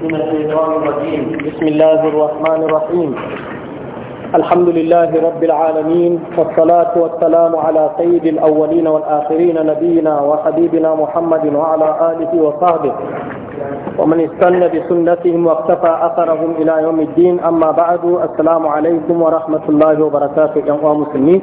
بسم الله الرحمن الرحيم الحمد لله رب العالمين والصلاة والسلام على سيد الأولين والآخرين نبينا وحبيبنا محمد وعلى آله وصحبه ومن استنى بسنتهم واقتفى أثرهم إلى يوم الدين أما بعد السلام عليكم ورحمة الله وبركاته يا مسلمين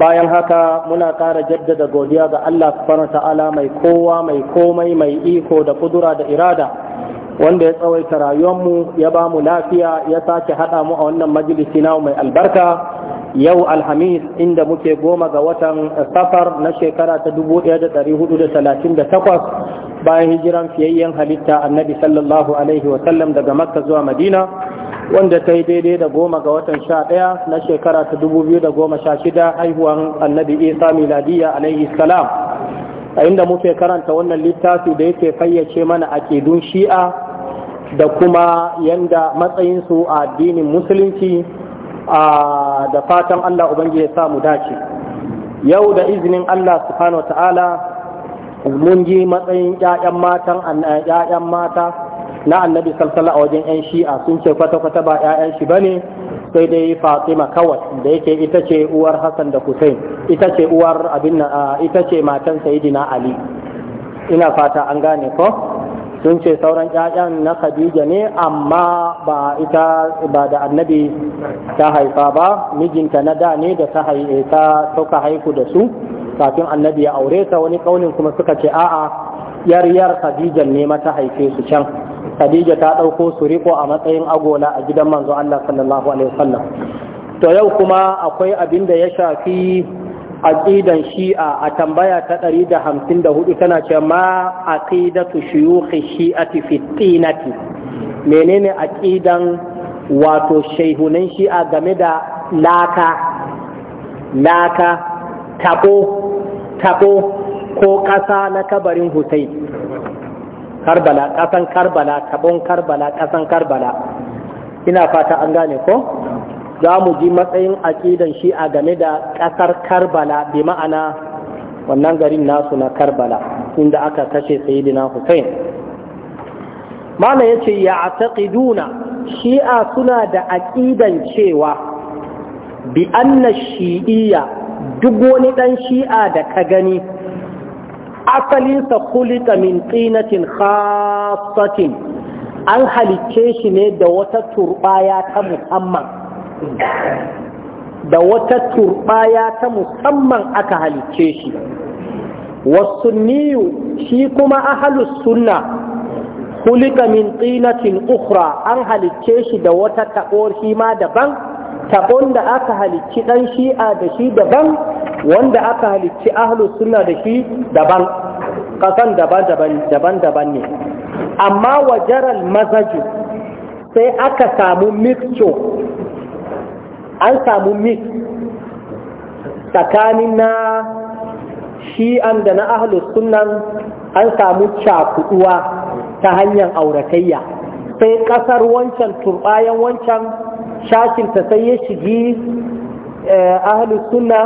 bayan haka muna ƙara jaddada godiya ga Allah subhanahu ta'ala mai kowa mai komai mai iko da kudura da irada wanda ya tsawaita mu ya ba mu lafiya ya sake haɗa mu a wannan majalisi na mai albarka yau alhamis inda muke goma ga watan safar na shekara ta 1438 bayan hijiran fiyayyen halitta annabi sallallahu alaihi wasallam daga makka zuwa madina wanda ta yi daidai da goma ga watan sha ɗaya na shekara ta 2016 haihuwan annabi isa miladiya alaihi salam a inda muke karanta wannan littafi da yake fayyace mana akidun shi'a da kuma yanda matsayinsu a addinin musulunci da fatan Allah ubangiji ya mu dace yau da izinin Allah subhanahu ta'ala mun yi matsayin ƴaƴan matan eh, ƴaƴan mata na annabi sallallahu a wajen ƴan shi'a sun ce kwata kwata ba ƴaƴan shi bane sai dai Fatima kawai da yake ita ce uwar Hassan da Hussein ita ce uwar abin ita ce matan Sayyidina Ali ina fata an gane ko sun ce sauran ƴaƴan na khadija ne amma ba ita ba da annabi ta haifa ba mijinta na da ne da ta ta sauka haiku da su kafin annabi ya aure ta wani ƙaunin kuma suka ce a'a yaryar khadija ne mata haife su can khadija ta ɗauko su riko a matsayin agona a gidan manzo Allah sallallahu alaihi wasallam to yau kuma akwai abin da ya shafi aqidan shi'a a tambaya ta da 154 tana ce ma aqidatu shuyukh shi'ati fi tinati menene aqidan wato shaihunan shi'a game da laka laka tabo tabo ko ƙasa na kabarin Hussein Karbala ƙasan Karbala tabon Karbala ƙasan Karbala ina fata an gane ko za mu ji matsayin aƙidan shi a game da ƙasar karbala bi ma'ana wannan garin nasu na karbala inda aka kashe sayidina hussein mana ya ce ya taƙiduna shi'a suna da aƙidan cewa bi anna shi'iyya duk wani ɗan shi'a da ka gani asalinsa kulita min tsinatin khasatin an halicce shi ne da wata turɓaya ta musamman da wata turɓaya ta musamman aka halicce shi wasunniyu shi kuma ahalus sunna kulika min tsinatin ukhra an halicce shi da wata taɓor shi ma daban taɓon da aka halicci ɗan shi'a da shi daban wanda aka halicci ahalus sunna da shi daban ƙasan daban-daban ne amma wajaral mazaju sai aka samu mixture an samu mix tsakanin na shi'an da na ahlus an samu cakuduwa ta hanyar auratayya sai kasar wancan turbayan wancan shashinta sai ya shigi eh, ahlus sunna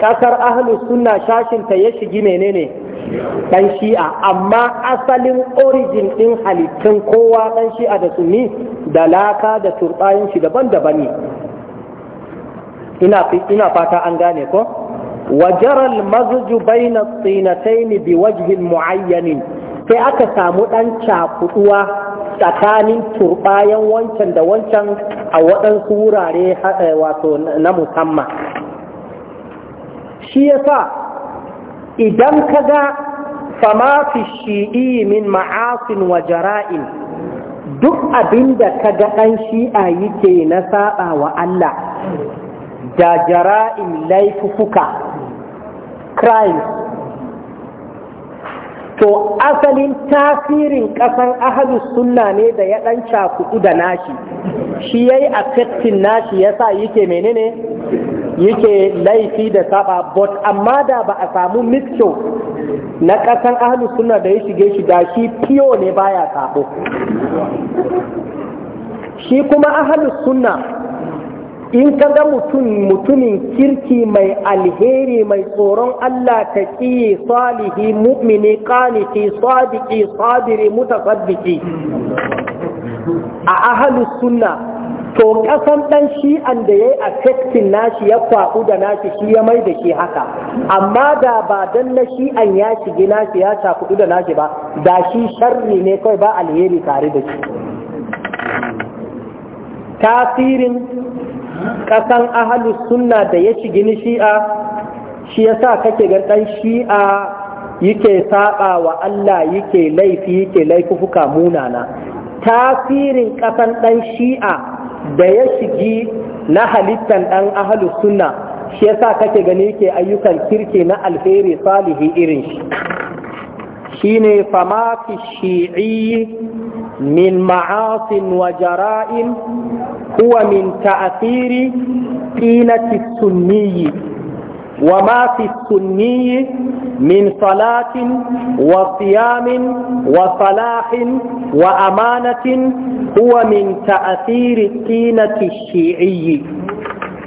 kasar ahlus sunna shashinta ya shigi menene dan shi'a amma asalin origin din halittun kowa dan shi'a da sunni da laka da turbayin shi daban-daban ne ina ina fata an gane ko wajaral mazju baina tsinatayn biwajhin muayyanin sai aka samu dan cakuduwa tsakanin turbayan wancan da wancan a waɗansu wurare wato na musamman shi yasa idan ka ga fama fi shi'i min ma'asin wa jara'in duk abinda ka ga ɗan shi'a yake na saɓa wa Allah da jara'in laifuka crime to asalin tasirin ƙasar ahalus sunna ne da ya dan cakudu da nashi shi ya yi nashi yasa yake menene yake laifi da saba but amma da ba a samu mixture na ƙasar ahalus sunna da ya shige shi da shi fiyo ne baya sabo shi kuma ahalus sunna in ka ga mutum mutumin kirki mai alheri mai tsoron Allah ta ƙi salihi mu'mini ƙaniki sadiki sabiri mutasaddiki a ahalus sunna to kasan dan shi'an da ya yi affecting nashi ya kwaɓu da nashi shi ya mai da shi haka amma da ba dan na shi an ya shigi nashi ya kuɗu da nashi ba da shi sharri ne kawai ba alheri tare da shi tasirin ƙasan ahalus sunna da ya shigi gini shi'a shi ya sa kake ga ɗan shi'a yake saba wa Allah yake laifi yake laifuka munana tasirin ƙasan ɗan shi'a da ya shigi na halittan ɗan ahalus sunna shi sa kake gani yake ayyukan kirki na alheri salihi irin shi shine fama fi shi'i min ma'asin wa jara'in huwa min ta'athiri qilati sunniyyi wa ma fi sunniyyi min salatin wa siyamin wa salahin wa amanatin huwa min ta'athiri qilati shi'iyyi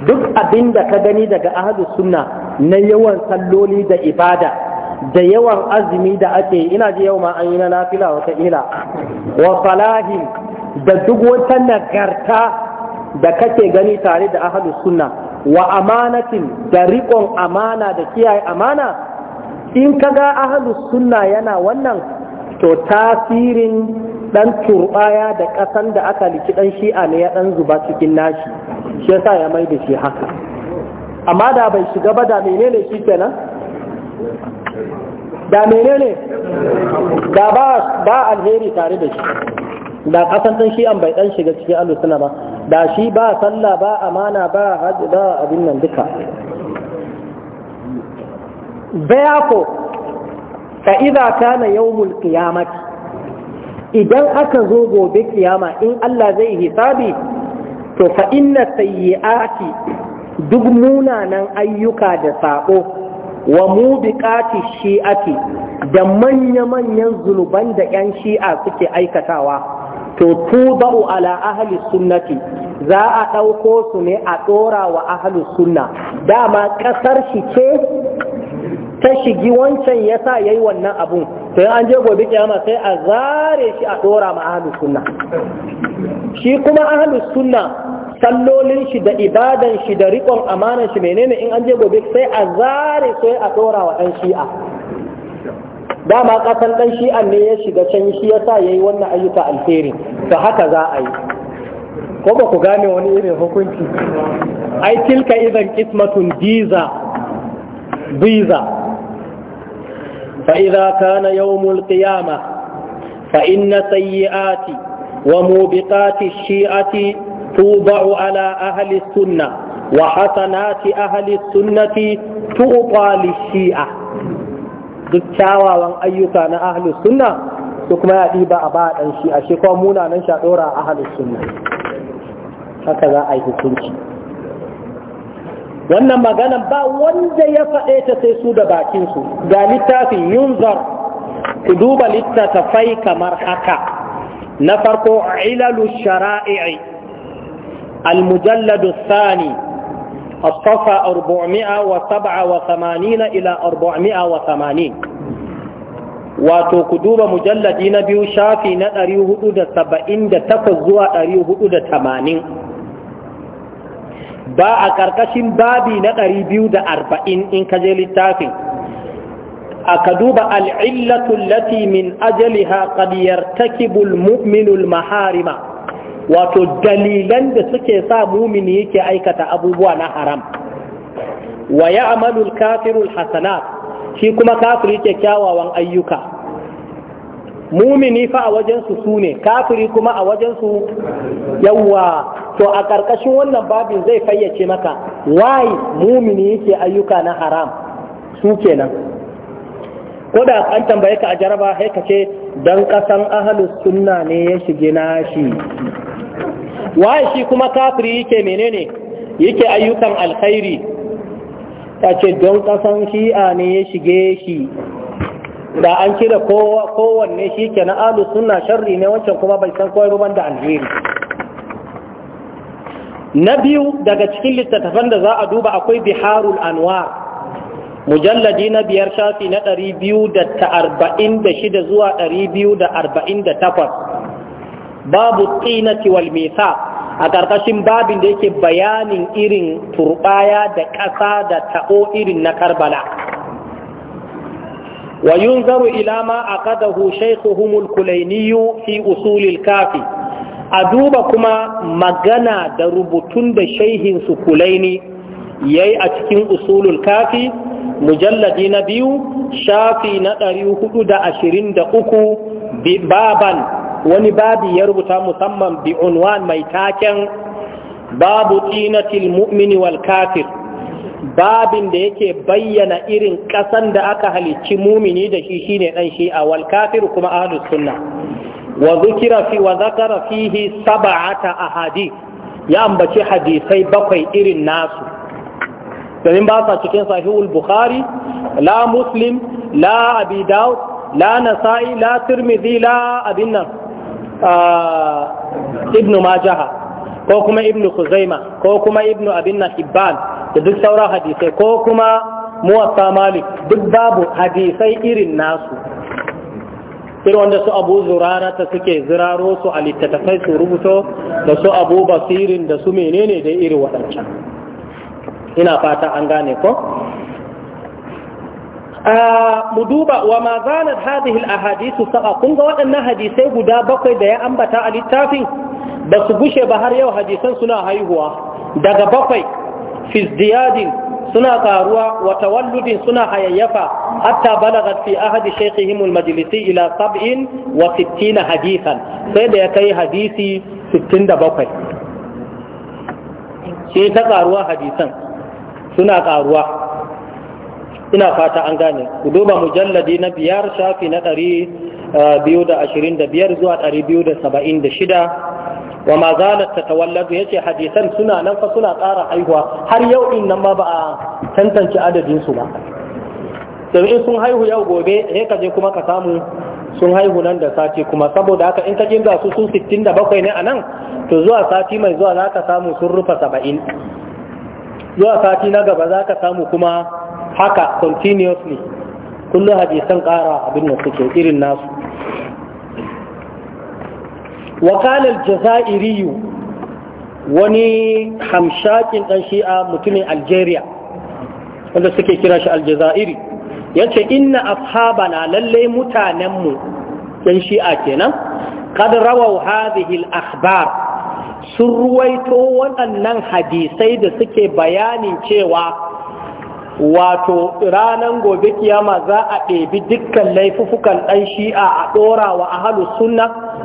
duk abinda ka gani daga ahadu sunna na yawan salloli da ibada da yawan azumi da ake ina ji yau ma an yi na nafila wata ila wa salahin da duk wata nagarta da kake gani tare da ahalus sunna wa amanatin da riƙon amana da kiyaye amana in kaga ahalus sunna yana wannan to tasirin dan turbaya da ƙasan da aka liki dan shi'a ne ya dan zuba cikin nashi shi yasa ya mai da shi haka amma da bai shiga ba da menene shi kenan da menene da ba alheri tare da shi da kasan dan shi an bai dan shiga cikin ahlus ba da shi ba sallah ba amana ba hajji ba abin nan duka ko fa idza kana yawmul qiyamah idan aka zo gobe kiyama in Allah zai hisabi to fa inna sayyi'ati duk munanan ayyuka da sako wa mubiqati shi'ati da manya-manyan zunuban da 'yan shi'a suke aikatawa to tudau ala ahli sunnati za a ɗauko su ne a ɗora wa ahli sunna dama ƙasar shi ce ta shigi wancan yasa sa wannan abun to an je gobe kiyama sai a zare shi a ɗora ma ahli sunna shi kuma ahli sunna sallolin shi da ibadan shi da riƙon amanan shi menene in an je gobe sai a zare sai a ɗora wa ɗan shi'a dama kasan dan shi an ne ya shiga can shi yasa yayi wannan ayyuka alheri to haka za a yi ko ba ku gane wani irin hukunci ai tilka idan kismatun diza diza fa idza kana yawmul qiyama fa inna sayyi'ati wa mubiqati shi'ati tuba'u ala ahli sunnah وحسنات أهل السنة تؤطى للشيعة duk kyawawan ayyuka na ahlus sunna su kuma ya ɗiba a ba ɗan shi a shekwa munanan sha ɗora a ahlus sunna haka za a yi hukunci wannan maganan ba wanda ya faɗe ta sai su da bakinsu ga littafin yunzar ku duba littattafai kamar haka na farko ilalu shara'i al-mujalladu thani اصطفى 487 إلى 480 wato ku duba mujalladi na biyu shafi na 478 zuwa 480 ba a ƙarƙashin babi na 240 in ka je littafin A ka duba al'illatu lati min ajaliha qad yartakibu al-mu'minu maharima wato dalilan da suke sa mumini yake aikata abubuwa na haram wa ya'malu al-kafiru hasanat shi kuma kafiri yake kyawawan ayyuka mumini fa a wajen su sune kafiri kuma a wajen su yawa to a ƙarƙashin wannan babin zai fayyace maka why mumini yake ayyuka na haram su kenan ko da an tambaye ka a jaraba sai ce dan ƙasan ahlus sunna ne ya shige nashi. waye shi kuma kafiri yake menene yake ayyukan alkhairi ta ce don kasan shi'a ne ya shige shi da an kira kowanne shi ke na alu suna sharri ne wancan kuma bai san kawai ruban da alheri na biyu daga cikin littattafan da za a duba akwai biharul anwar mujalladi na biyar shafi na ɗari biyu da ta arba'in shida zuwa ɗari biyu da arba'in da takwas babu tsinati wal a ƙarƙashin babin da yake bayanin irin turɓaya da ƙasa da taɓo irin na karbala wa yunzaru ila ma aqadahu shaykhuhum al-kulayni fi usulil kafi a duba kuma magana da rubutun da shaihin su kulaini yayi a cikin usulul kafi mujalladi na biyu shafi na ɗari da ashirin da uku baban wani babi ya rubuta musamman bi unwan mai taken babu tinatil mu'mini wal kafir babin da yake bayyana irin kasan da aka halicci mumini da shi shine dan shi'a wal kafir kuma ahlus sunna wa zikira fi wa zakara fihi sab'ata ya ambaci hadisai bakwai irin nasu domin ba sa cikin sahihul bukhari la muslim la abi daud la nasa'i la tirmidhi la abin nan ابن majaha ko kuma ibn kuzaima ko kuma ibn abin da duk sauran hadisai ko kuma muwatta malik duk babu hadisai irin nasu irin wanda su abu zurara ta suke ziraro su a littattafai su rubuto da su abu basirin da su menene da irin waɗancan ina fata an gane ko mu duba wa ma zanat hadhihi a ahadithu kun ga waɗannan hadisai guda bakwai da ya ambata a littafin ba su gushe ba har yau hadisan suna haihuwa daga bakwai fi suna karuwa wa tawalludin suna hayayyafa hatta balagat fi ahadi shaykhihim ila majlisi ila 67 hadisan sai da ya kai hadisi 67 shi ta karuwa hadisan suna karuwa ina fata an gane ku duba mujalladi na biyar shafi na ɗari eh, biyu da ashirin da biyar zuwa ɗari biyu da saba'in da shida wa ma zalat ta tawalladu ya ce hadisan suna nan fa suna ƙara haihuwa har yau in nan ma ba a tantance adadin su ba domin sun haihu yau gobe sai ka je kuma ka samu sun haihu nan da sati kuma saboda haka in ka je ga su sun sittin da bakwai ne a nan to zuwa sati mai zuwa za ka samu sun rufa saba'in zuwa sati na gaba za ka samu kuma haka continuously kullum hadisan ƙara abin da suke irin nasu wakalar jaza'iriyu wani hamshakin ɗan shi'a mutumin algeria wanda suke kira shi aljazairi ya ce inna na lallai mutanenmu ɗan shi'a kenan kad rawau hadhihi akhbar sun ruwaito waɗannan hadisai da suke bayanin cewa wato ranar gobe kiyama za a ɗebi dukkan laifufukan ɗan shi'a a ɗora wa ahalu sunna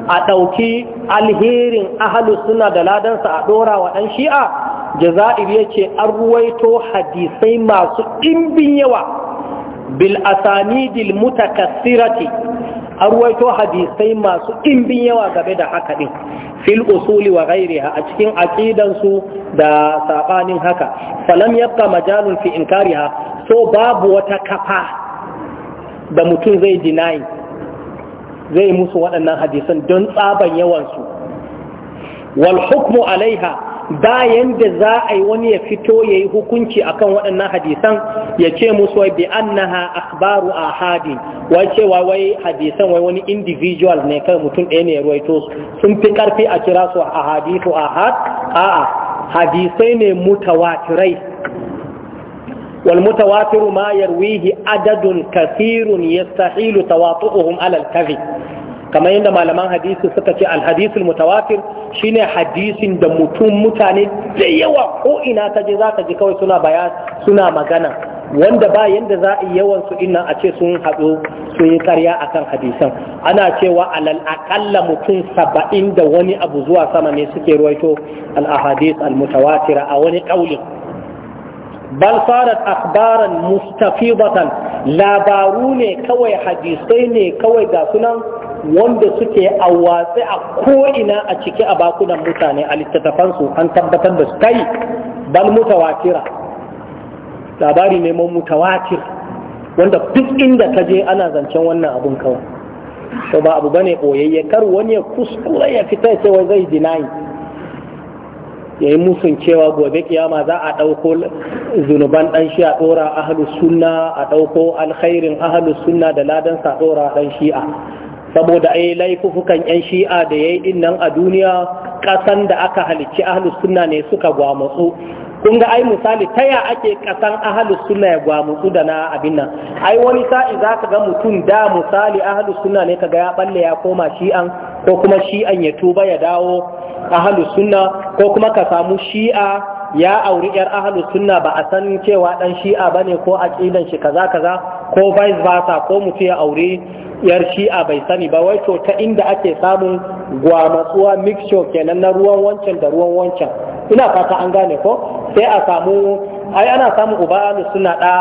a ɗauki alherin ahalu sunna da ladansa a ɗora wa ɗan shi'a jaza'ir ya ce an ruwaito hadisai masu ɗimbin yawa bil asanidil mutakassirati arwaito hadisai masu ɗimbin yawa game da haka ɗin fil usuli wa ghairiha a cikin aƙidansu da saɓanin haka falam yabqa majalun fi inkariha so babu wata kafa da mutum zai deny zai musu waɗannan hadisan don tsaban yawansu wal hukmu alaiha bayan da za a yi wani ya fito ya yi hukunci akan waɗannan hadisan ya ce musu wai bi annaha akhbaru hadi. wai cewa wai hadisan wai wani individual ne kai mutum ɗaya ne ya ruwaito sun fi ƙarfi a kira su a a 'a a'a hadisai ne mutawatirai wal mutawatiru ma yarwihi adadun kathirun yastahilu tawatu'uhum alal kadhib kamar yadda malaman hadisi suka ce alhadisul mutawafir shine hadisin da mutum mutane da yawa ko ina ka je zaka ji kawai suna baya suna magana wanda ba yanda za a yawan su inna a ce sun haɗu sun yi karya akan hadisan ana cewa alal aqalla mutum saba'in da wani abu zuwa sama ne suke ruwaito al ahadith al mutawatira a wani kaulin bal farat akhbaran mustafidatan labaru ne kawai hadisai ne kawai ga sunan wanda suke a watsi a ko'ina a ciki a bakunan mutane a littattafansu an tabbatar da su kai bal mutawatira labari ne mutawatir wanda duk inda ka je ana zancen wannan abun kawai to ba abu bane boyayye kar wani ya kuskure ya fita ya cewa zai dinayi ya yi musun cewa gobe kiyama za a ɗauko zunuban ɗan shi a ɗora ahalus sunna a ɗauko alkhairin ahalus sunna da Ladansa sa ɗora ɗan shi'a saboda ai laifukan yan shi'a da yayi din nan a duniya ƙasan da aka halicci ahlus sunna ne suka gwamutsu kun ga ai misali ta ya ake kasan ahlus sunna ya gwamutsu da na abin nan ai wani sa'i za ka ga mutum da misali ahlus sunna ne kaga ya balle ya koma shi'an ko kuma shi'an ya tuba ya dawo ahlus sunna ko kuma ka samu shi'a ya auri yar ahlu sunna ba a san cewa ɗan shi'a bane ko aqidan shi kaza kaza ko vice versa ko mutu ya aure yar shi'a bai sani ba wai to ta inda ake samun gwamatsuwa mixture kenan na ruwan wancan da ruwan wancan ina fata an gane ko sai a samu ai ana samun uba ahalu suna da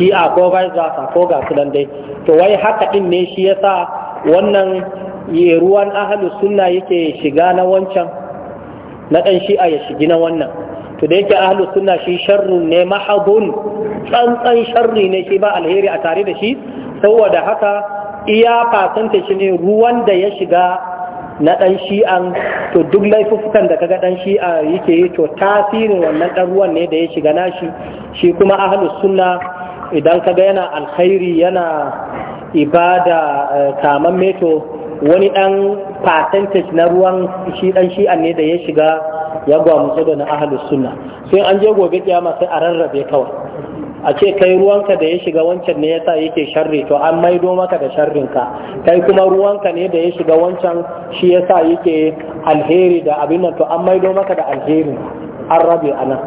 shi'a ko vice versa ko ga su dai to wai haka din ne shi yasa wannan ruwan ahalu sunna yake shiga na wancan na ɗan shi'a ya shigi na wannan to da yake ahlu sunna shi sharrun ne mahabun tsantsan sharri ne shi ba alheri a tare da shi saboda haka iya fasanta shi ne ruwan da ya shiga na ɗan shi'an to duk laifukan da kaga ɗan shi'a yake yi to tasirin wannan ɗan ruwan ne da ya shiga nashi shi kuma ahlu sunna idan kaga yana alkhairi yana ibada eh, kamar to wani ɗan percentage na ruwan shi ɗan shi'an ne da ya shiga ya gwamutse da na ahalus sunna sai an je gobe kiyama sai a rarrabe kawai a ce kai ruwanka da ya shiga wancan ne yasa yake sharri to an maido maka da sharrinka kai kuma ruwanka ne da ya shiga wancan shi yasa yake alheri da abin nan to an maido maka da alheri. an rabe anan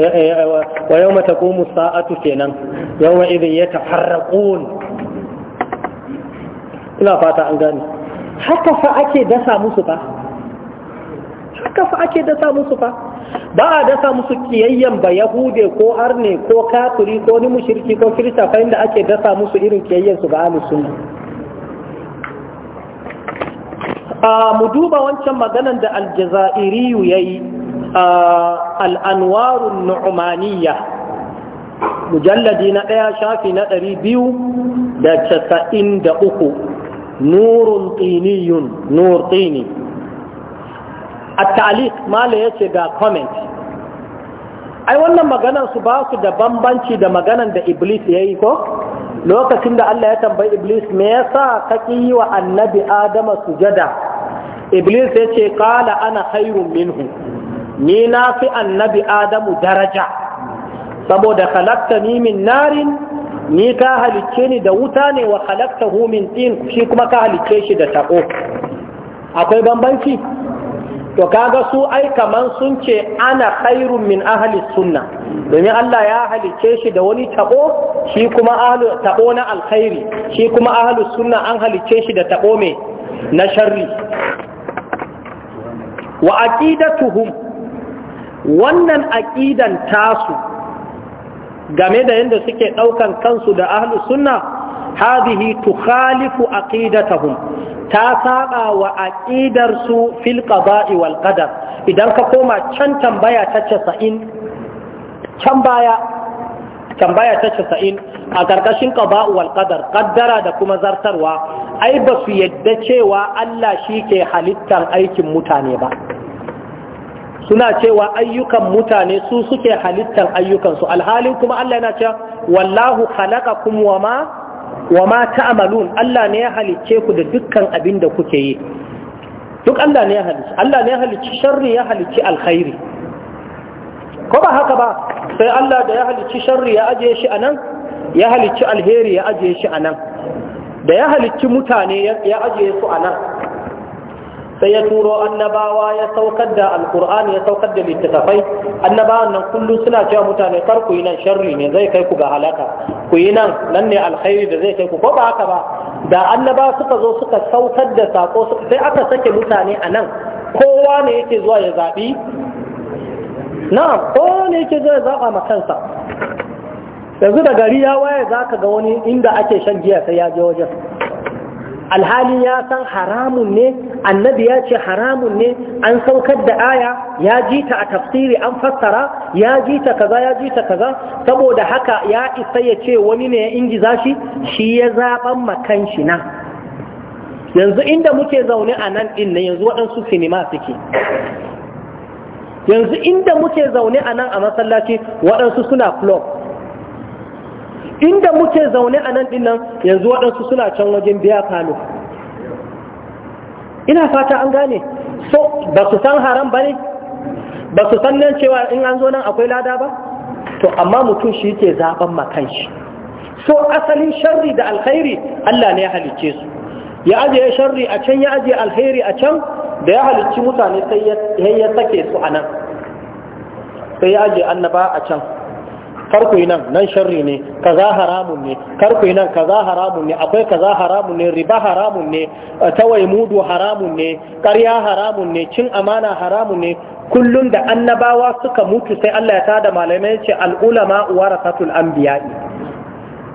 eh, eh, wa yawma taqumu sa'atu kenan yawma idhin yatafarraqun ina fata an gane haka fa ake dasa musu fa haka fa ake dasa musu fa ba a dasa musu kiyayyen ba yahude ko arne ko kafiri ko ni mushriki ko kirista fa inda ake dasa musu irin kiyayyen su ba a a mu duba wancan maganan da aljazairiyu yayi al'anwarun nu'umaniya mujalladi na ɗaya shafi na ɗari biyu da casa'in da uku nurun tiniyun nur tini a ta'alik mala ya ga comment ai wannan maganar su ba su da bambanci da maganar da iblis ya yi ko lokacin da Allah ya tambayi iblis me yasa ka yi wa annabi adama sujada iblis ya ce kala ana khairun minhu ni na fi annabi adamu daraja saboda khalaqtani min narin ni ka halicce ni da wuta ne wa hu min tin shi kuma ka halicce shi da tako akwai bambanci to kaga su ai kaman sun ce ana khairun min ahli sunna domin Allah ya halicce shi da wani tako shi kuma ahlu tako na alkhairi shi kuma ahli sunna an halicce shi da tako me na sharri wa aqidatuhum wannan aqidan tasu game da yadda suke ɗaukan kansu da ahlu sunna hadhihi tukhalifu aqidatahum ta saba wa aqidar su fil qada'i wal qadar idan ka koma can tambaya ta 90 can baya tambaya ta 90 a karkashin qada'u wal qadar qaddara da kuma zartarwa ai ba su yadda cewa Allah shi ke halittar aikin mutane ba suna cewa ayyukan mutane su suke halittar ayyukansu alhalin kuma Allah yana cewa wallahu khalaqakum wa ma wa ma ta'malun Allah ne ya halicce ku da dukkan abin da kuke yi duk Allah ne ya halicci Allah ne ya halicci sharri ya halicci alkhairi ko ba haka ba sai Allah da ya halicci sharri ya aje shi anan ya halicci alheri ya aje shi anan da ya halicci mutane ya aje su anan sai ya turo annabawa ya saukar da alkur'ani ya saukar da littattafai annabawan nan kullum suna cewa mutane kar ku yi nan sharri ne zai kai ku ga halaka ku yi nan nan ne alkhairi da zai kai ku ko ba haka ba da annaba suka zo suka saukar da sako sai aka sake mutane a nan kowa ne yake zuwa ya zaɓi na kowa ne yake zuwa ya zaɓa ma kansa yanzu da gari ya waye za ka ga wani inda ake shan giya sai ya je wajen alhali ya san haramun ne annabi ya ce haramun ne an saukar da aya ya ji ta a tafsiri an fassara ya ji ta kaza ya ji ta kaza saboda haka ya isa ya ce wani ne ya ingiza shi shi ya zaɓan makan shi na yanzu inda muke zaune a nan din yanzu waɗansu sinima suke yanzu inda muke zaune a nan a masallaci waɗansu suna club inda muke zaune a nan dinnan yanzu waɗansu suna can wajen biya kano ina fata an gane so ba su san haram ba ne ba su san nan cewa in an zo nan akwai lada ba to amma mutum shi ke zaben makan so asalin sharri da alkhairi Allah ne ya halicce su ya ajiye sharri a can ya ajiye alkhairi a can da ya halicci mutane sai ya sake su a nan sai ya ajiye annaba a can kar ku yi nan nan sharri ne kaza haramun ne kar yi nan kaza haramun ne akwai kaza haramun ne riba haramun ne eh, tawai mudu haramun ne ƙarya haramun ne cin amana haramun ne kullum da annabawa suka mutu sai Allah ya ta da malamai ce al'ulama warasatul anbiya'i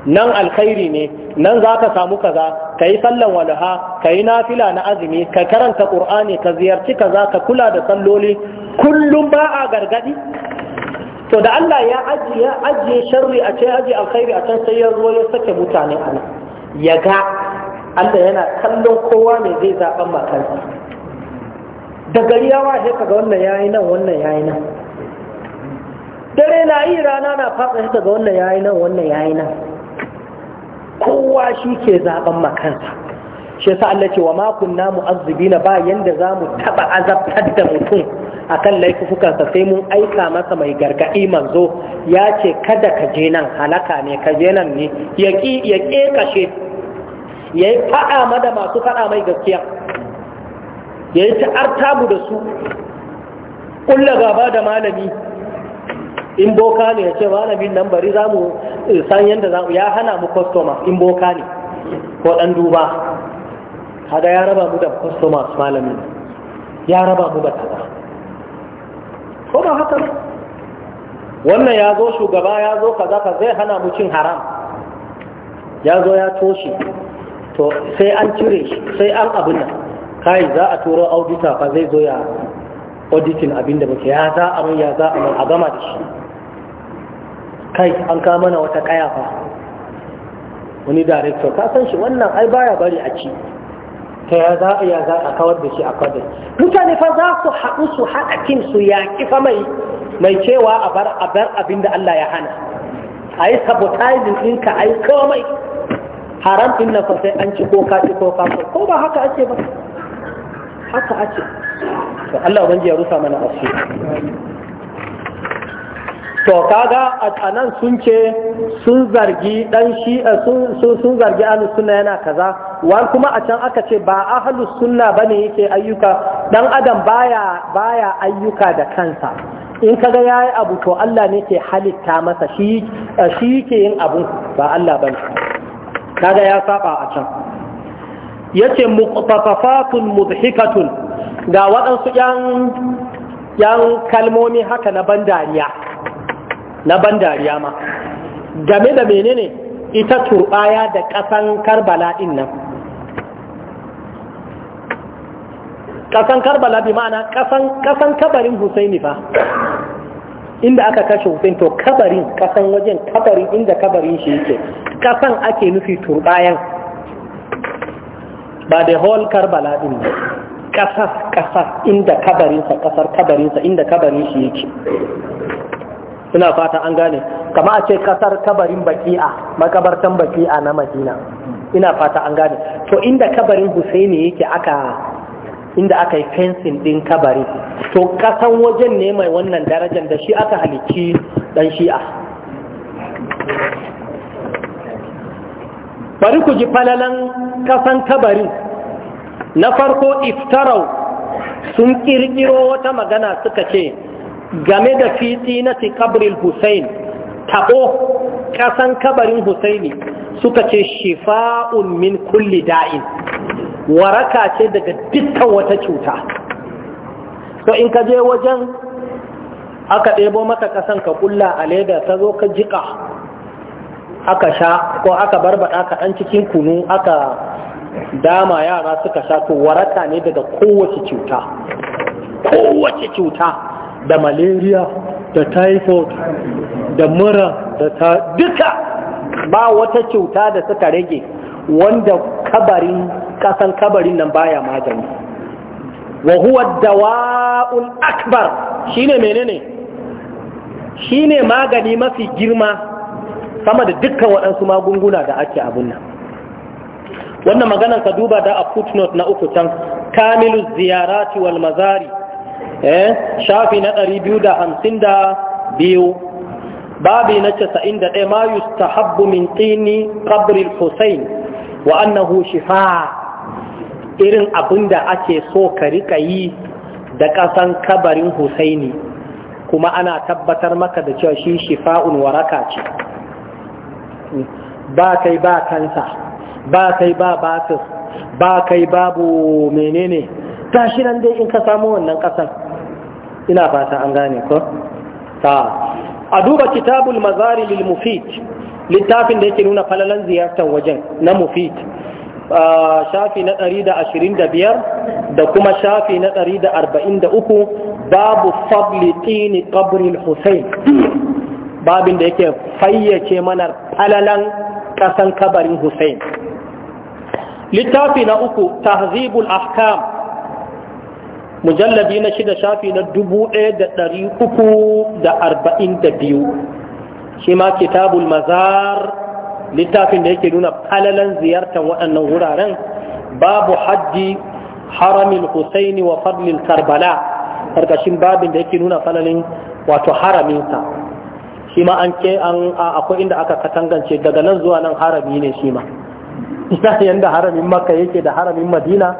nan alkhairi ne nan za ka samu kaza ka yi sallan walaha ka yi nafila na azumi ka karanta ƙur'ani ka ziyarci kaza ka kula da salloli kullum ba a gargadi to da Allah ya ajiye ajiye sharri a ce ajiye alkhairi a can sai ya zo ya sake mutane a nan ya ga Allah yana kallon kowa ne zai zaɓan makansa da gari ya washe kaga wannan yayi nan wannan yayi nan dare na yi rana na fasa shi kaga wannan yayi nan wannan yayi nan kowa shi ke zaɓan makansa shi yasa Allah ce wa mu kunna na ba za zamu taɓa azabtar da mutum akan laifukansa sai mun aika masa mai gargaɗi manzo ya ce kada ka je nan halaka ne ka je nan ne ya ƙe kashe ya yi faɗa mada masu faɗa mai gaskiya ya yi ta'artabu da su ƙulla gaba da malami in boka ne ya ce malamin nan bari za mu eh, san yadda za mu ya hana mu kwastoma in boka ne ko ɗan duba kaga ya raba mu da kwastomas malamin ya raba mu da kaza ko ba haka wannan ya zo shugaba ya zo kaza ka zai hana mu cin haram ya zo ya toshe to sai an cire shi sai an abin nan kai za a turo audita fa zai zo ya auditin abin da muke ya za a mun ya za a mun a gama da shi kai an kama mana wata kayafa fa wani director ka san shi wannan ai baya bari a ci ta ya za a za a kawar da shi a kwadar mutane fa za su haɗu su haɗa kin su yaƙi fa mai mai cewa a bar a abin da Allah ya hana a yi sabotizing ɗinka a yi komai haram ɗin na sai an ci ko ka ci ko ka ko ba haka ake ba haka ake to Allah ubangiji ya rusa mana asiri to kaga a nan sun ce sun zargi dan shi sun zargi ahlus sunna yana kaza wani kuma a can aka ce ba ahlus sunna bane yake ayyuka dan adam baya baya ayyuka da kansa in kaga yayi abu to Allah ne ke halitta masa shi shi yake yin abu ba Allah bane kaga ya saba a can yace muqtafafatun mudhikatun ga waɗansu yan yan kalmomi haka na ban dariya na ban dariya ma game da menene ita turbaya da ƙasan karbala din nan ƙasan karbala bi ma'ana ƙasan kabarin husaini fa inda aka kashe husain to kabarin kasan wajen kabarin inda kabarin shi yake kasan ake nufi turbayan ba da hall karbala din nan kasa kasa inda kabarinsa kasar kabarinsa inda kabarin shi yake ina fata an gane kama a ce kasar kabarin baki'a makabartan baki'a na madina ina fata an gane to inda kabarin husaini yake aka inda aka yi fensin din kabari to kasan wajen ne mai wannan darajar da shi aka halicci dan shi'a bari ku ji falalan kasan kabarin na farko iftarau sun kirkiro wata magana suka ce game da fiti na kabril Hussein taɓo ƙasan kabarin Husaini suka ce shifa'un min kulli da'in waraka ce daga dukkan wata cuta to in ka je wajen aka ɗebo maka ƙasan ka kulla a leda ta zo ka jiƙa aka sha ko aka barbaɗa ka ɗan cikin kunu aka dama yara suka sha to waraka ne daga kowace cuta kowace cuta da malaria da typhoid da mura da ta duka ba wata cuta da suka rage wanda kabarin kasan kabarin nan baya magani wa huwa dawa'ul akbar shine menene shine magani mafi girma sama da dukkan waɗansu magunguna da ake abun nan wannan maganar ka duba da a footnote na uku can kamilu ziyarati wal mazari eh shafi na 252 babi na 91 ma yustahabbu min tini qabri al-husayn wa annahu shifa irin abinda ake so ka rika yi da kasan kabarin husaini kuma ana tabbatar maka da cewa shi shifa'un waraka ce ba kai ba kansa ba kai ba batis ba kai babu menene tashi nan dai in ka samu wannan kasan ina fata an gane ko ta a duba kitabul mazari lil mufid littafin da yake nuna falalan ziyartar wajen na mufid shafi na 125 da kuma shafi na 143 babu fadli tini qabril husayn babin da yake fayyace mana falalan kasan kabarin husayn littafi na uku tahzibul ahkam mujalladi na shida shafi na dubu ɗaya da ɗari uku da arba'in da biyu shi ma kitabul mazar littafin da yake nuna falalan ziyartar waɗannan wuraren babu hajji haramin husaini wa fadlin karbala karkashin babin da yake nuna falalin wato haraminsa shi ma an ke an akwai inda aka katangance daga nan zuwa nan harami ne shi ma yanda haramin maka yake da haramin madina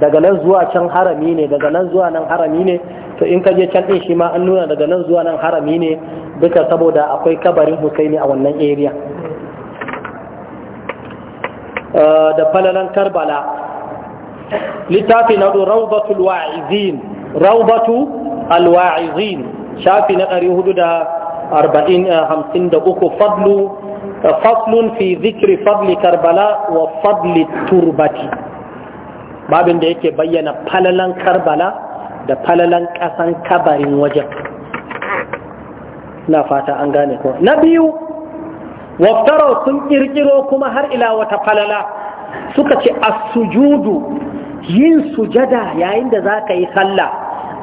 daga nan zuwa can harami ne daga nan zuwa nan harami ne to in ka je can din shi ma an nuna daga nan zuwa nan harami ne duka saboda akwai kabarin Husaini a wannan area uh, da falalan Karbala littafi na Rawdatul Wa'izin Rawdatu Al-Wa'izin shafi na 453 eh, fadlu eh, faslun fi zikri fadli Karbala wa fadli turbati babin da yake bayyana falalan karbala da falalan ƙasan kabarin wajen na fata an gane ko na biyu waftaro sun ƙirƙiro kuma har ila wata falala suka ce as-sujudu yin sujada yayin da za ka yi sallah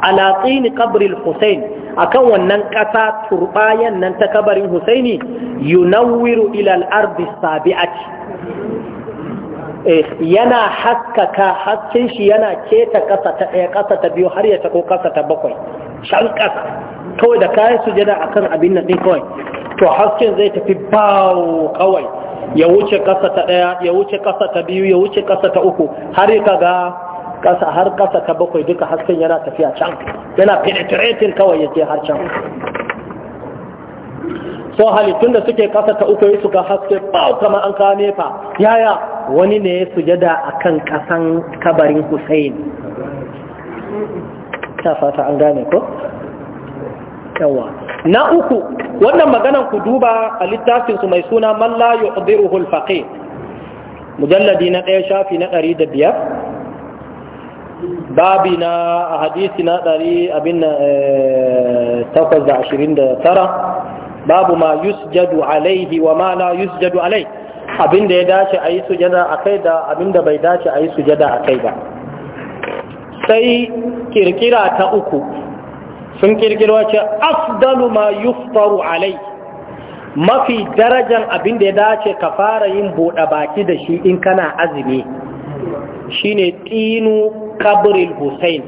ala tsini kabril Hussein kan wannan ƙasa turbayan nan ta kabarin Husaini yunawwiru ilal al-ardi sabi'ati Eh, yana haskaka hasken shi yana keta ƙasa ta ɗaya ƙasa ta biyu har ya tako ƙasa ta bakwai shan ƙasa kawai da kayan yana a kan abin nan ɗin kawai to hasken zai tafi bawo kawai ya wuce ƙasa ta ɗaya ya wuce ƙasa ta biyu ya wuce ƙasa ta uku har ya kaga ƙasa har ƙasa ta bakwai duka hasken yana tafiya can yana penetrating kawai ya je har can so halittun da suke kasa ta uku ga haske bau kama an kawo nefa yaya wani ne ya sujada a kan kasan kabarin Hussein ta fata an gane ko? yawa na uku wannan maganan ku duba a littafinsu mai suna man la yuhdiruhu mujalladi na ɗaya shafi na ɗari da biyar babi na a hadisi na ɗari abin na eh, takwas da ashirin da tara babu ma yusjadu alaihi wa ma la yusjadu alai abin da ya dace a yi sujada a kai da abin bai dace a yi sujada a kai ba sai kirkira ta uku sun kirkiro ce afdalu ma yuftaru alai mafi darajan abinda ya dace ka fara yin buɗe baki da shi in kana azumi shine tinu kabarin Husain,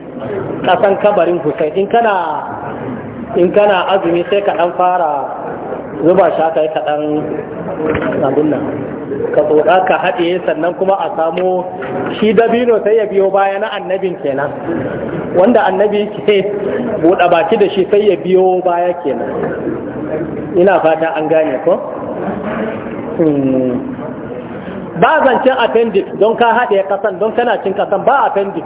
kasan kabarin Husain in kana in kana azumi sai ka dan fara zuba shi haka ka dan abun nan ka tsoda ka haɗe sannan kuma a samo shi dabino sai ya biyo baya na annabin kenan wanda annabi ke buɗa baki da shi sai ya biyo baya kenan ina fata an gane ko hmm. ba zancen appendix don ka haɗe kasan don kana cin kasan ba appendix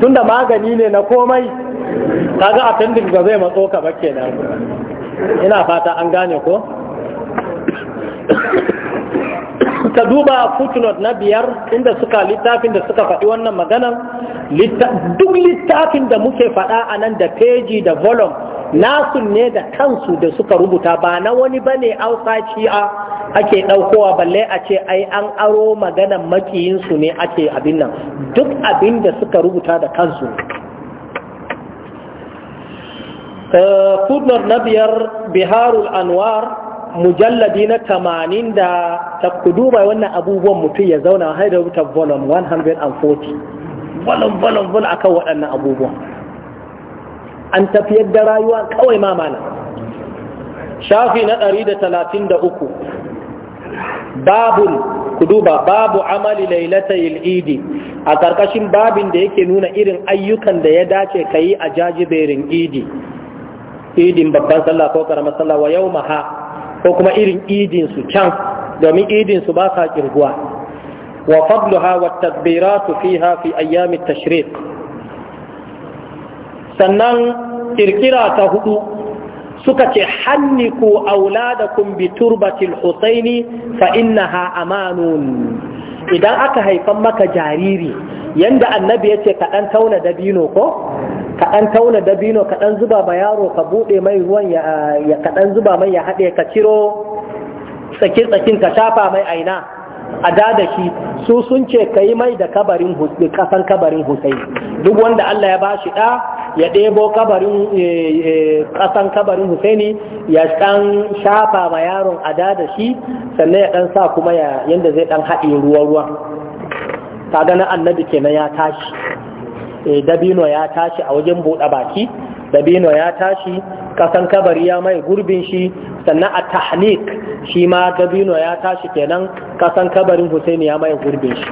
tunda magani ne na komai kaga appendix ba zai matso ka ba kenan ina fata an gane ko ka duba footnote na biyar inda suka littafin da suka faɗi wannan maganan duk littafin da muke faɗa a nan da peji da volume nasu ne da kansu da suka rubuta ba na wani bane ausa shi'a ake ɗaukowa balle a ce ai an aro maganan makiyinsu ne ake abin nan duk abin da suka rubuta da kansu eh, Fudnar na biyar Biharul Anwar mujalladi na tamanin da kuduba wannan abubuwan mutum ya zauna haidar rubuta volume 140 volume volume volume akan waɗannan abubuwan an tafiyar da rayuwa kawai ma mana shafi na 133 babul ku duba babu amali lailatayil idi a ƙarƙashin babin da yake nuna irin ayyukan da ya dace ka yi a jajiberin idi idin babban sallah ko karamar sallah wa yau maha ko kuma irin idin su can domin idin su ba sa kirguwa wa fadluha wa tadbiratu fiha fi ayyamit tashriq sannan kirkira ta hudu suka ce hanniku auladakum bi turbatil husaini fa innaha amanun idan aka haifan maka jariri yanda annabi ya ce kaɗan tauna dabino ko kaɗan tauna dabino kaɗan zuba ba yaro ka buɗe mai ruwan ya kaɗan zuba mai ya haɗe ka ciro tsakin tsakin ka shafa mai aina a da da shi su sun ce ka yi mai da kabarin kasan kabarin Husaini duk wanda Allah ya ba shi ɗa ya ɗebo kabarin eh, eh, kasan kabarin Husaini ya ɗan shafa ma yaron a da da shi sannan ya ɗan sa kuma yadda zai ɗan haɗe ruwa ruwa ta gana annabi kenan ya tashi eh, dabino ya tashi a wajen buɗa baki dabino ya tashi kasan kabari ya mai gurbin shi sannan a tahnik shi ma Gabino ya tashi kenan kasan kabarin Hussaini ya mai gurbin shi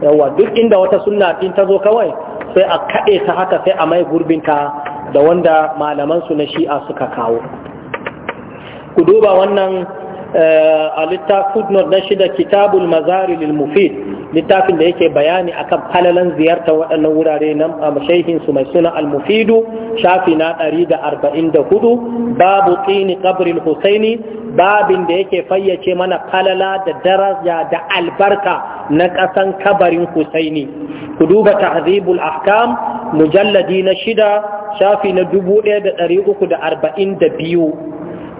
yawa duk inda wata sunna din ta zo kawai sai a kaɗe ta haka sai a mai gurbin ta, da wanda malaman su na shi'a suka kawo ku duba wannan a littafin footnote na shida kitabul mazari lil mufid littafin da yake bayani akan falalan ziyartar waɗannan wurare nan a mashaihin su mai suna al mufidu shafi na 144 babu tsini ƙabril husaini babin da yake fayyace mana falala da daraja da albarka na ƙasan kabarin husaini ku duba tahzibul ahkam mujalladi na shida shafi na 1342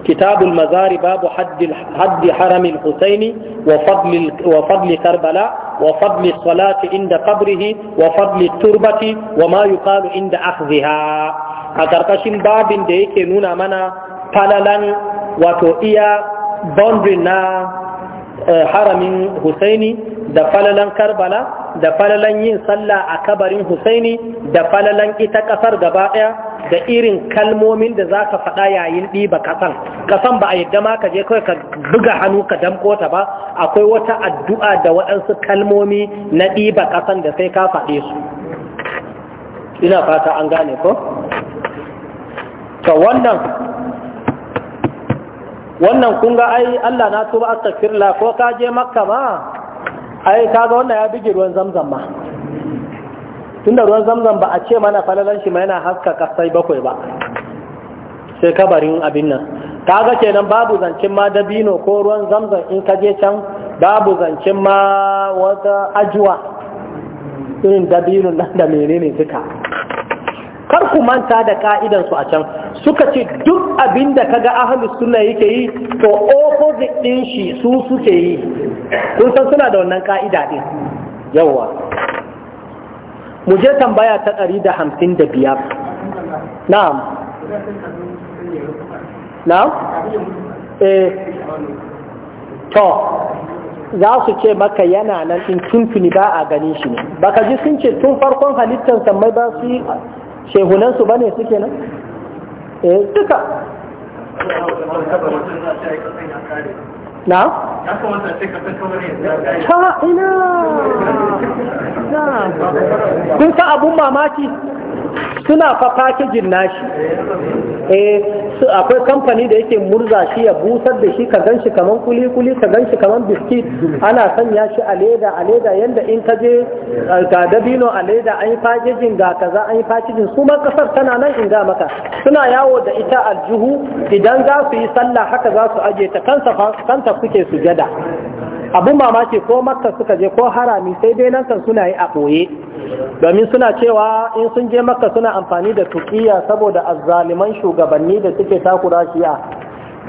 كتاب المزار باب حد حد حرم الحسين وفضل وفضل كربلاء وفضل الصلاة عند قبره وفضل التربة وما يقال عند أخذها أتركشن باب ديك نونا منا فللا وتؤيا بوندرنا haramin Husaini da falalan karbala da falalan yin sallah a kabarin husaini da falalan ita kasar gaba daya da irin kalmomin da za ka faɗa yayin ɗiba kasan kasan ba a yadda ma ka je kawai ka buga hannu ka damko ta ba akwai wata addu'a da waɗansu kalmomi na ɗiba kasan da sai ka faɗe su ina fata an gane ko wannan wannan kun ga ai Allah na tuba astaghfirullah ko ka je makka ma ai kaga wannan ya bige ruwan zamzam ma tunda ruwan zamzam ba a ce mana falalan shi ma yana haska sai bakwai ba sai kabarin abin nan kaga kenan babu zancen ma dabino ko ruwan zamzam in ka je can babu zancen ma wata ajuwa irin dabino nan da menene suka? kar ku manta da ka'idansu a can suka ce duk abin da kaga ahlus sunna yake yi to opposite din shi su suke yi kun san suna da wannan ka'ida din yawa mu je tambaya ta 155 na'am na'am eh to za su ce maka yana nan in tuntuni ba a ganin shi ne baka ji sun ce tun farkon halittar sammai ba su yi. shehunansu ba ne suke nan eh duka na? ta ina kun sa abun mamaki suna fa fakijin nashi eh akwai kamfani da yake murza shi ya busar da shi ka ganshi kaman kuli kuli ka ganshi kaman biskit ana sanya shi a leda a leda yanda in ka je eh, ga dabino a leda an yi ga kaza an yi fakejin su ma kasar tana nan in ga maka suna yawo da ita aljihu idan za su yi sallah haka za su aje ta kansa kanta suke sujada abu mamaki ko makka suka je ko harami sai dai nan kan suna yi a ɓoye domin suna cewa in sun je makka suna amfani da tuƙiya saboda azzaliman shugabanni da suke takura shi'a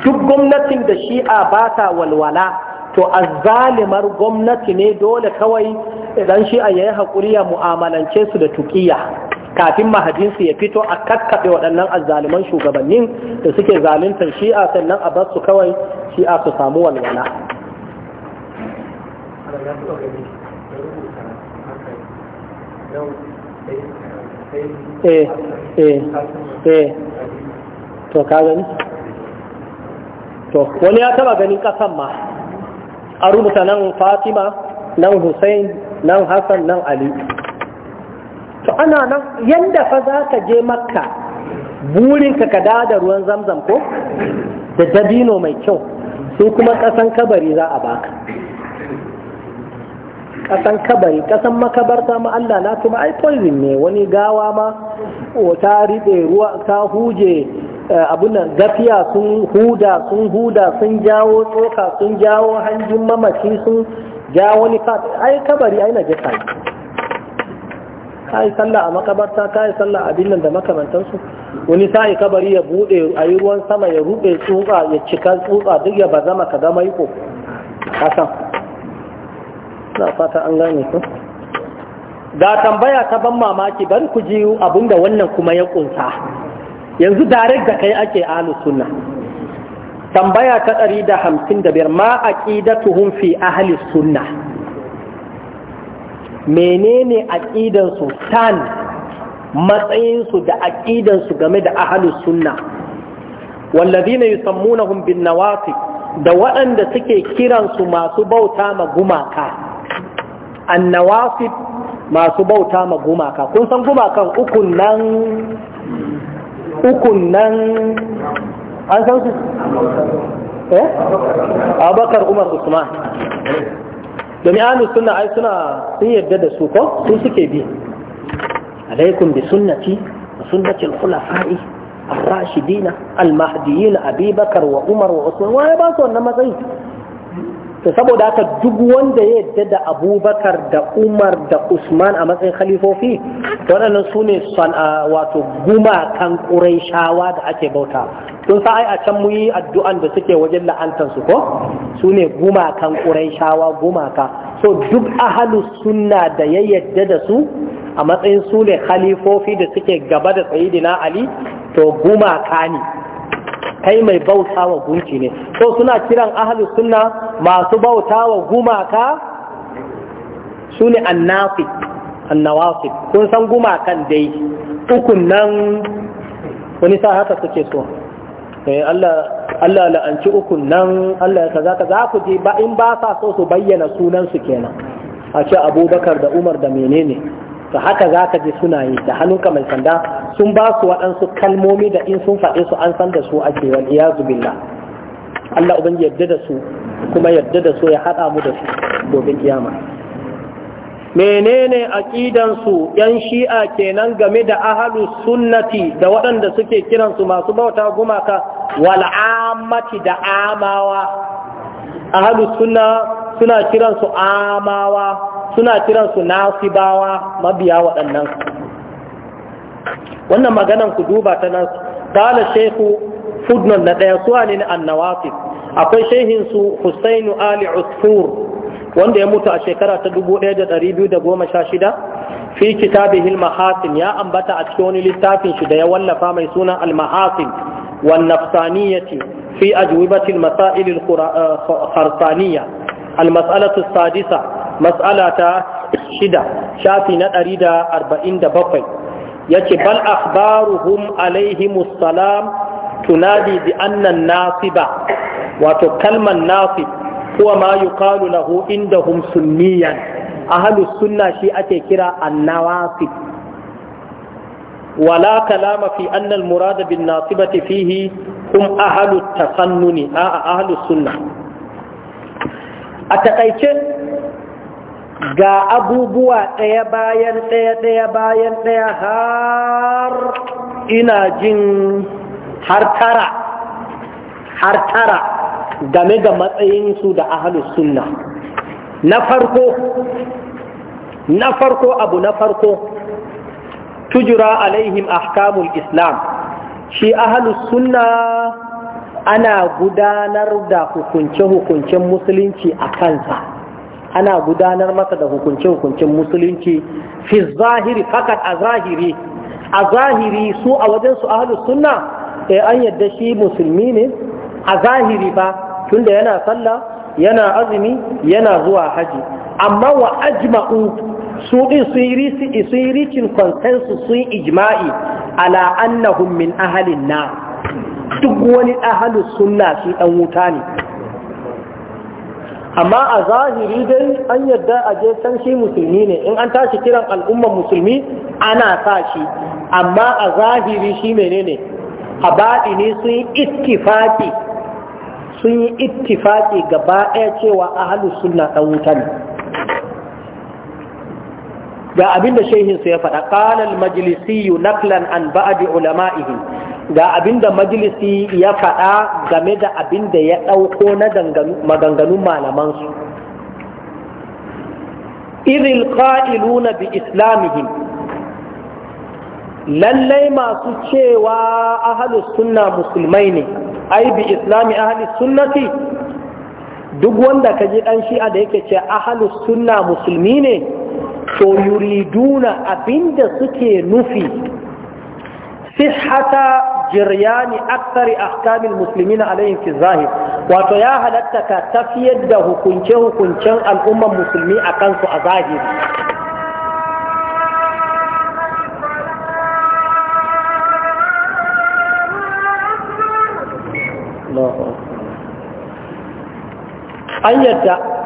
duk gwamnatin da shi'a ba ta walwala to azzalimar gwamnati ne dole kawai idan shi'a ya yi haƙuri ya mu'amalance su da tuƙiya kafin mahadinsu ya fito a kakkaɓe waɗannan azzaliman shugabannin da suke zaluntar shi'a sannan a basu kawai shi'a su samu walwala eh eh eh to ka gani to wani ya taba ganin kasan ma a rubuta nan fatima nan hussein nan hassan nan ali to ana nan yadda fa za ka je makka burinka ka da ruwan zamzam ko da dabino mai kyau su kuma kasan kabari za a baka kasan kabari kasan makabarta ma Allah na kuma ai poison ne wani gawa ma ta riɓe ruwa ta huje eh, abun nan gafiya sun huda sun huda sun jawo tsoka sun jawo hanjin mamaci sun ja wani ai kabari ai na je ka yi sallah a makabarta ka yi sallah a binnan da su wani sa'i kabari ya bude a yi ruwan sama ya rube tsuka ya cika tsuka duk ya bazama ka ga maiko kasan na fata an gane ku ga tambaya ta ban mamaki bari ku ji abinda wannan kuma ya kunsa yanzu direct da kai ake ahlus sunna tambaya ta ɗari ma aqidatuhum fi ahli sunna menene su tan matsayinsu da su game da ahli sunna wallazina yusammunahum bin nawafi da waɗanda suke kiransu masu bauta ma gumaka annawasib masu bauta ma gumaka kun san gumakan ukun nan ukun nan an san su eh abakar umar usman domin ahlu sunna ai suna sun yadda da su ko su suke bi alaikum bi sunnati wa sunnati al-khulafa'i ar-rashidin al-mahdiyyin abi bakar wa umar wa usman wa ya ba wannan matsayi to saboda haka duk wanda ya yadda da abubakar da umar da usman a matsayin khalifofi waɗannan su ne wato gumakan ƙuraishawa da ake bauta tun sa'ai a can muyi addu'an da suke wajen su ko su ne gumakan ƙuraishawa gumaka so duk Ahalu sunna da ya yadda da su a matsayin su ne khalifofi da suke gaba da sayidina ali to gumaka ne kai mai bauta wa gunki ne so suna kiran ahlu sunna masu bautawa gumaka su ne annafi kun san gumakan dai ukun nan wani sa haka suke so eh, Allah Allah la'anci ukun nan Allah ya kaza kaza ku je in ba sa so su bayyana sunansu kenan a ce Abubakar da Umar da menene to haka za ka ji suna yi da hannunka mai sanda sun ba su waɗansu kalmomi da in sun faɗe su an san da su ake wal iyazu billah Allah ubangi yadda da su kuma yadda da su ya haɗa mu da su gobe kiyama menene aqidansu yan shi'a kenan game da ahalu sunnati da waɗanda suke kiransu masu bauta gumaka wal'amati da amawa ahalu sunna suna kiransu amawa suna kiran kiransu nasibawa mabiya waɗannan wannan maganan ku duba ta nan kala shehu fudnan na ɗaya suwa ne annawafi akwai shehin su husainu ali usfur wanda ya mutu a shekara ta 1216 fi kitabihil mahasin ya ambata a cikin wani littafin shi da ya wallafa mai suna al-mahasin wan nafsaniyati fi ajwibatil masail al-kharsaniya eh, al-mas'alatu sadisa Matsala ta shida shafi na ɗari da arba'in da bakwai ya ce bal akhbaruhum alaihimus salam tunadi bi annan nasiba wato kalman nasib kuwa ma yuqalu lahu indahum sunniyan ahlus sunna shi ake kira annawasib ولا كلام في nasibati fihi بالناصبة فيه هم Aa التفنن أهل A أتقيت ga abubuwa ɗaya bayan ɗaya ɗaya bayan ɗaya har ina jin har tara har tara game da matsayinsu da ahalus suna. na farko na farko abu na farko tujura alaihim ahkamul islam shi ahalus sunna ana gudanar da hukunce-hukuncen musulunci a kansa ana gudanar masa da hukunce-hukuncin musulunci fi zahiri fakat a zahiri a zahiri su a wajen su ahlus sunna eh an yadda shi musulmi ne a zahiri ba tunda yana sallah yana azumi yana zuwa haji amma wa ajma'u su din sun yi rikin consensus sun ijma'i ala annahum min ahalin na duk wani ahalus sunna shi dan wuta ne amma a zahiri dai an yadda a je can shi musulmi ne in an tashi kiran al'umman musulmi ana sa shi amma a zahiri shi menene a baɗi ne sun yi ittifaki sun yi ittifaki gaba ɗaya cewa ahalus sunna ɗan wuta ne ga abinda shehinsu ya faɗa ƙalal majalisi naklan an ba'adi ulama'ihi ga abinda majalisi ya faɗa game da abinda ya ɗauko na maganganun malamansu iril na bi islamihin lallai masu cewa ahalus sunna musulmai ne ai bi islami ahalus sunnati duk wanda ka ji ɗan shi'a da yake ce ahalus sunna musulmi ne to yuriduna abinda suke nufi sihhata jiryani akthari ahkamil muslimina alayhim fi zahir wato ya halatta ka tafiyar da hukunce hukuncen al'umman musulmi a kansu a zahiri an yadda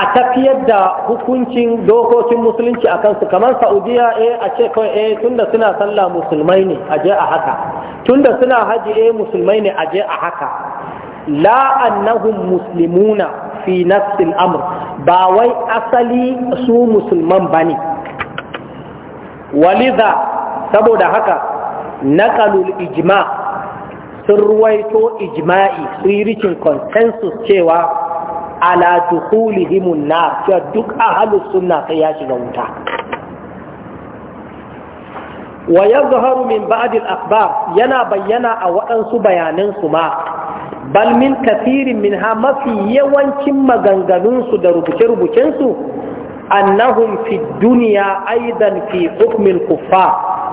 a tafiyar da hukuncin dokokin musulunci a kansu kamar saudiya A eh, a ce kawai eh tunda suna sallah musulmai ne a je a haka tunda suna haji eh musulmai ne a je a haka la annahum muslimuna fi nafsil amr ba wai asali su musulman bane walidha saboda haka naqalul ijma sun ruwaito ijma'i sun yi rikin consensus cewa ala dukhulihim na cewa duk ahlus suna sai ya shiga wuta wa yadhharu min ba'adil al yana bayyana a waɗansu bayanan kuma ma bal min kafirin min ha mafi yawancin maganganunsu da rubuce rubucensu su annahum fi duniya aidan fi hukmin kufa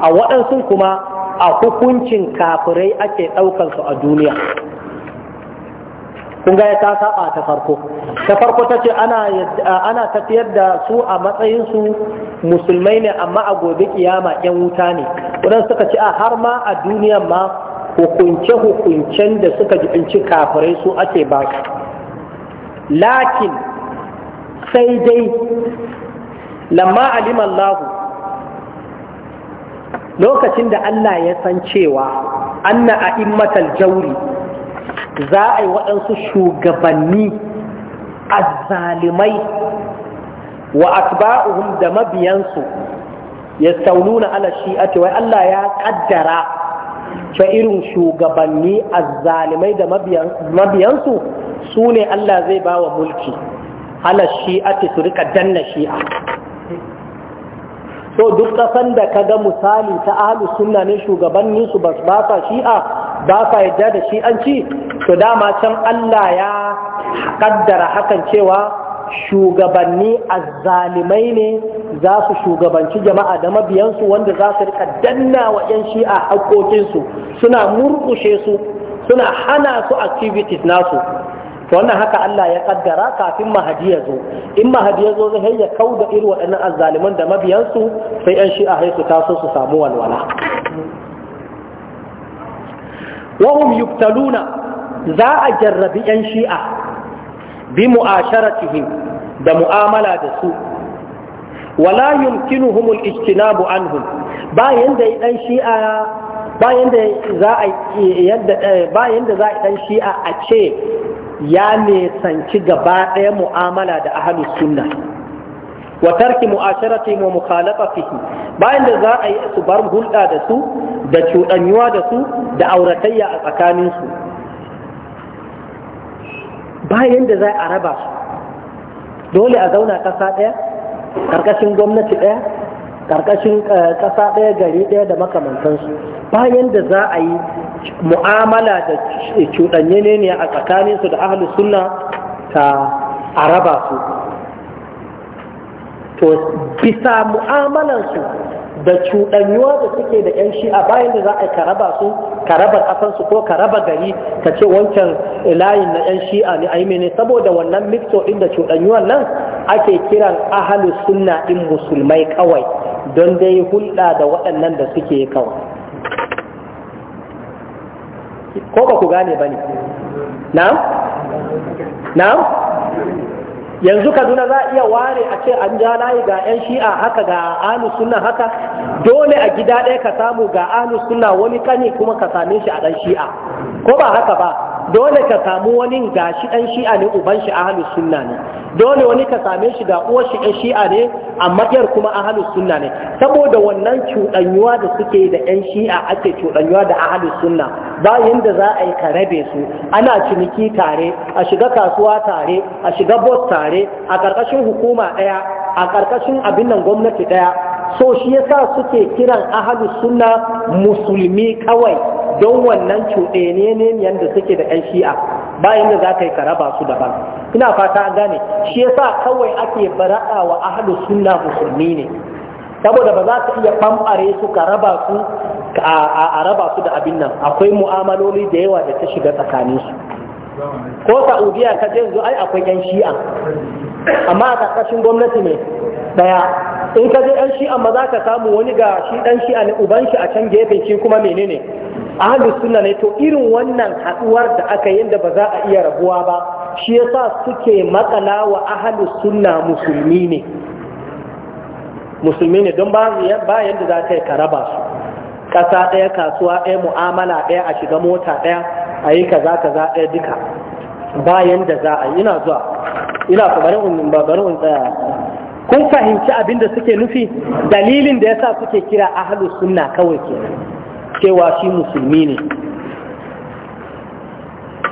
a waɗansu kuma a hukuncin kafirai ake ɗaukansu a duniya kun ga ta saba ta farko ta farko ta ce ana tafiyar da su a matsayin su musulmai ne amma a gobe kiyama yan wuta ne wadan suka ce a har ma a duniyan ma hukunce hukuncen da suka jibinci kafirai su ake ba su. lakin sai dai lamma alima lokacin da Allah ya san cewa anna a'immatal jawri za a yi waɗansu shugabanni zalimai wa atba'uhum da mabiyansu ya yastaununa ala shi'ati wai Allah ya ƙaddara ta irin shugabanni zalimai da mabiyansu su ne Allah zai ba wa mulki ala shi'ati su rika danna shi'a so duk kasan da ka ga misali ta ahlu sunna ne shugabannin su ba sa shi'a ba sa yadda da shi'anci to dama can Allah ya kaddara hakan cewa shugabanni azzalimai ne za su shugabanci jama'a da mabiyansu wanda za su rika danna wa 'yan shi'a haƙoƙinsu suna murƙushe su suna hana su activities nasu wannan haka Allah ya kaddara kafin mahadi ya zo in mahadi ya zo zai ya kau da irin waɗannan azzaliman da mabiyansu sai yan shi'a su taso su samu walwala wahum yubtaluna za a jarrabi yan shi'a bi mu'asharatihim da mu'amala da su wala yumkinuhum al-ijtinabu anhum ba yanda dan shi'a bayan za a yi dan eh, shi'a a ce ya nisanci gaba ɗaya mu'amala da ahalus sunna wa tarki mu'asharati wa mukhalafatihi bayan da za a yi su bar hulɗa da su da cuɗanyuwa da su da auratayya a tsakanin su bayan da za a raba su dole a zauna ƙasa ɗaya ƙarƙashin gwamnati ɗaya ƙarƙashin eh, ƙasa ɗaya gari ɗaya da makamantansu bayan da za a yi mu'amala da cuɗanye ne a tsakaninsu da ahlus sunna ta araba su to bisa mu'amalansu da cuɗanyuwa da suke da 'yan shi'a bayan da za a karaba su karaba ƙasarsu ko karaba gari ka ce wancan layin na 'yan shi'a ne a ne saboda wannan mikto ɗin da cuɗanyuwan nan ake kiran ahalus sunna ɗin musulmai kawai don dai hulɗa da waɗannan da suke kawai ko ba ku gane ba ne na'am na'am yanzu kaduna za a iya ware a ce an ja layi ga 'yan shi'a haka ga ahlus sunna haka dole a gida ɗaya ka samu ga ahlus sunna wani kani kuma ka same shi a ɗan shi'a ko ba haka ba dole ka samu wani ga shi ɗan shi'a ne uban shi ahalu sunna ne dole wani ka same shi ga uwar shi ɗan shi'a ne a matsayar kuma ahalu sunna ne saboda wannan cuɗanyuwa da suke da ɗan shi'a ake cuɗanyuwa da ahalu sunna bayan da za a yi ka rabe su ana ciniki tare a shiga kasuwa tare a shiga bos tare a ƙarƙashin hukuma ɗaya a ƙarƙashin abin nan gwamnati ɗaya so shi yasa suke kiran ahalu sunna musulmi kawai don wannan cuɗe ne yadda suke da 'yan shi'a bayan da za ka yi karaba su daban ina fata an gane shi yasa kawai ake bara'a wa ahlu sunna musulmi ne saboda ba za ka iya bambare su ka raba su a raba su da abin nan akwai mu'amaloli da yawa da ta shiga tsakanin su ko saudiya ka je ai akwai 'yan shi'a amma a ƙarƙashin gwamnati ne daya in ka je ɗan shi'an amma za ka samu wani ga shi ɗan shi'a ne uban shi a can gefen shi kuma menene ahlus suna ne to irin wannan haɗuwar da aka yi da ba za a iya rabuwa ba shi yasa suke matsala wa ahlus suna musulmi ne musulmi ne don ba yadda za ta yi ka raba su ƙasa ɗaya kasuwa ɗaya mu'amala ɗaya a shiga mota ɗaya a yi kaza kaza ɗaya duka bayan da za a yi ina zuwa ina bari in tsaya kun fahimci abin da suke nufi dalilin da yasa suke kira ahlus sunna kawai kenan cewa shi musulmi ne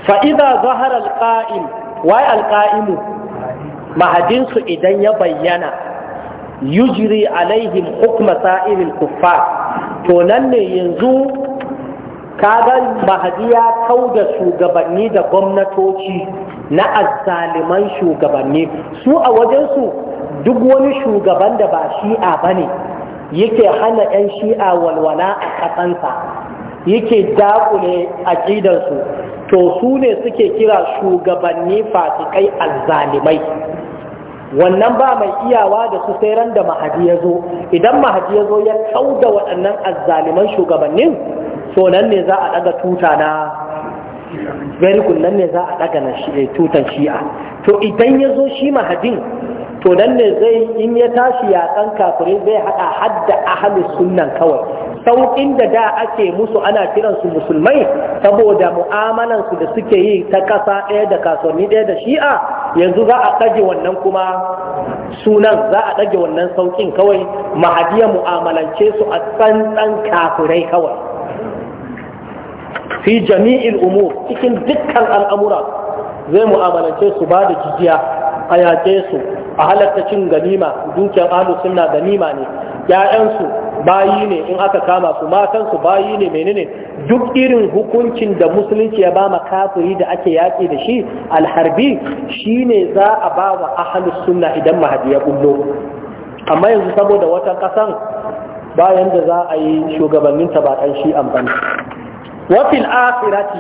fa idza zahara alqa'im wa alqa'imu mahadin su idan ya bayyana yujri alaihim hukma sa'iril kuffar to nan ne yanzu kaga mahadi ya kau shugabanni da gwamnatoci na azzaliman shugabanni su a wajensu duk wani shugaban da ba shi'a ba ne yake hana 'yan shi'a walwala a ƙasansa yake dakule aƙidarsu to su ne suke kira shugabanni fasikai alzalimai wannan ba mai iyawa da su sai ran da mahadi ya zo idan mahadi ya zo ya da waɗannan azzaliman shugabannin so nan ne za a ɗaga tuta na berikun nan ne za a ɗaga eh, tutan shi'a to idan ya zo shi mahadin to nan ne zai in ya tashi yaƙan kafirai zai haɗa hadda ahalus sunnan kawai sauƙin da da ake musu ana kiransu musulmai saboda mu'amalansu da suke yi ta ƙasa ɗaya da kasuwanni ɗaya da shi'a yanzu za a ɗage wannan kuma sunan za a ɗage wannan sauƙin kawai mahadiya mu'amalance su a tsantsan kafirai kawai fi jami'il umur cikin dukkan al'amura zai mu'amalance su ba da jijiya a su a halatta cin ganima dukiyar ahlu sunna ganima ne ƴaƴansu bayi ne in aka kama su matansu bayi ne menene duk irin hukuncin da musulunci ya bama kafiri da ake yaƙi da shi alharbi shine za a ba wa ahlu sunna idan mahadi ya bullo amma yanzu saboda wata ƙasan bayan da za a yi shugabanninta ba ɗan shi amfani wafil akhirati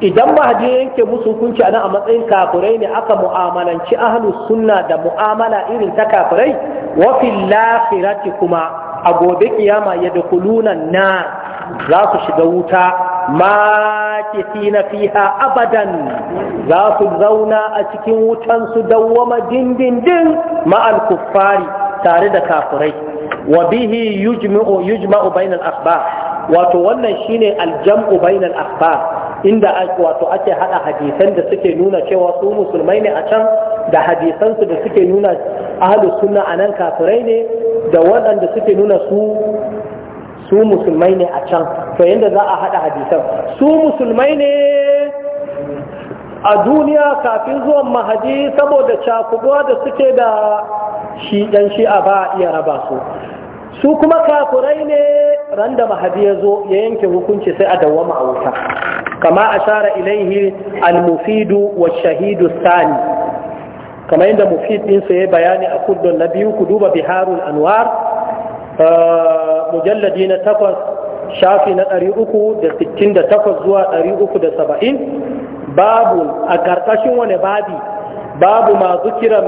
idan mahadi ya yanke musu hukunci a nan a matsayin kafirai ne aka mu'amalanci ahlus sunna da mu'amala irin ta kafirai wa fil kuma a gobe kiyama ya dukuluna na za su shiga wuta ma na fiha abadan za su zauna a cikin wutan su dawwama dindindin ma'al kuffari tare da kafirai wa bihi yujma'u yujma'u bainal akhbar wato wannan shine aljam'u bainal akhbar inda wato ake hada hadisan da suke nuna cewa su musulmai ne a can da hadisansu da suke nuna ahlus sunna a nan kafirai ne da waɗanda suke nuna su su musulmai ne a can to yadda za a hada hadisan su musulmai ne a duniya kafin zuwan mahadi saboda cakuduwa da suke da shi ɗan a ba iya raba su su kuma kafurai ne randa mahadi ya zo ya yanke hukunci sai a dawwama a wuta kama share ilaihi al-mufidu wa shahidu sani kama da mufid din sai bayani a kullun na biyu ku duba biharul anwar uh, mujalladi na takwas shafi na 368 zuwa 370 babu a karkashin wani babi babu ma zukira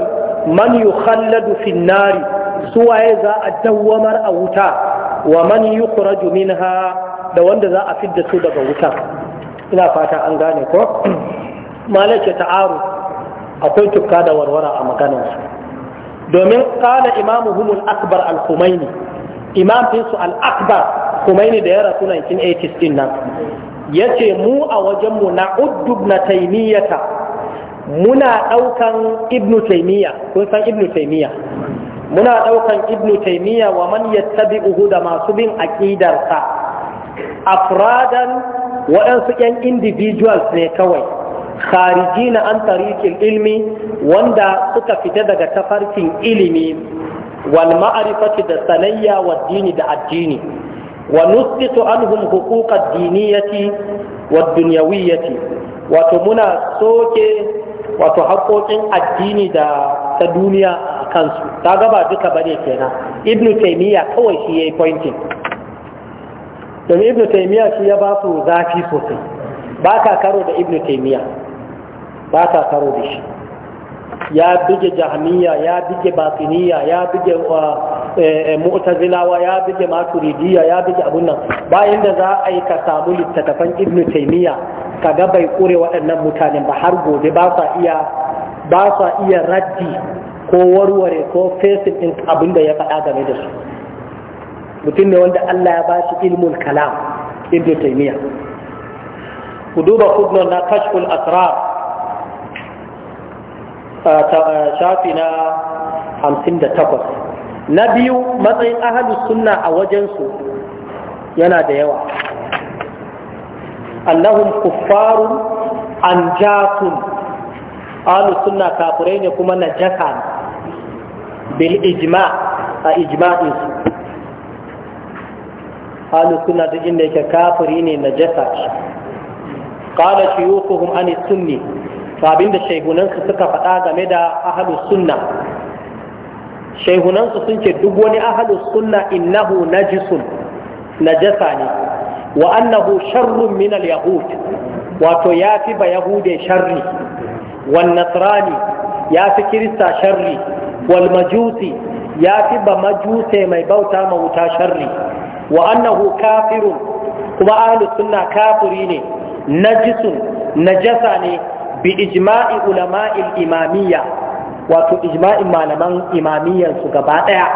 man yukhalladu fin nari suwaye za a dawwamar a wuta wa man yukhraju minha da wanda za a fidda su daga wuta ina fata an gane ko malaka ta'aru akwai tukka da warwara a maganarsu domin kana Imamu humul akbar al-humaini imam su al-akbar Kumaini da ya rasu 1980 din nan yace mu a wajenmu na uddub na taimiyata muna daukan ibnu taimiyya kun san ibnu taimiyya muna daukan ibnu taimiyya wa man yattabi'uhu da masu bin aqidarsa afradan waɗansu yan individuals ne kawai khariji na an tarikin ilmi wanda suka fita daga tafarkin ilimi wal ma'arifati da sanayya wa dini da addini wa nusqitu anhum ya diniyati wa ci, wato muna soke wato haƙoƙin addini da ta duniya a kansu ta gaba duka bane kenan ibnu taymiya kawai shi yayi pointing domin ibn taimiyya shi ya ba su zafi sosai ba ka karo da ibn taimiyya ba ka karo da shi ya bige jahmiya ya bige batiniya ya bige uh, eh, mu'tazilawa ya bige maturidiya ya bige abun nan bayan da za a yi ka samu littattafan ibn taimiyya ka ga bai kure waɗannan mutanen ba har gobe ba sa iya ba sa raddi ko warware ko fesin abin da ya faɗa game da su mutum ne wanda Allah ya bashi ilmul kalam ibnu taymiya ku duba kudnon na kashful asrar shafi na 58 na biyu matsayin ahalus sunna a wajensu yana da yawa annahum kuffarun anjatun ahalus sunna kafirai ne kuma na jaka bil ijma a ijma'insu halu suna duk inda yake kafiri ne na jasa qala shuyukuhum an sunni to abinda su suka faɗa game da ahlus sunna su sun ce duk wani ahlus sunna innahu najisun najasa ne wa annahu sharrun min al-yahud wato ya fi ba yahude sharri wan nasrani ya fi kirista sharri wal majusi ya fi ba majuse mai bauta ma wuta sharri wa annahu kafirun kuma ahlus sunna kafiri ne najisun najasa ne bi ijma'i ulama'il imamiyya wato ijma'in malaman imamiyyan su gaba daya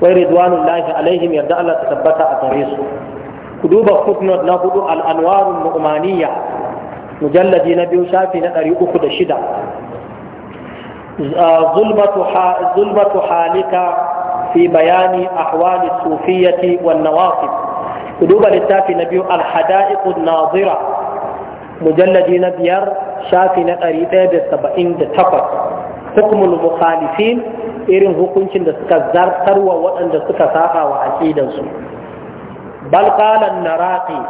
wai ridwanullahi alaihim yarda Allah ta tabbata a gare su ku duba footnote na hudu al-anwarun nu'maniyya mujalladi na biyu shafi na 306 zulmatu halika في بيان أحوال الصوفية والنواصب قلوب للتافي نبي الحدائق الناظرة مجلد نبيار شافي نقريب بسبعين تفر حكم المخالفين إرن هكونشن دسكا زرتر وأن دسكا ساقا وعشيدا بل قال النراقي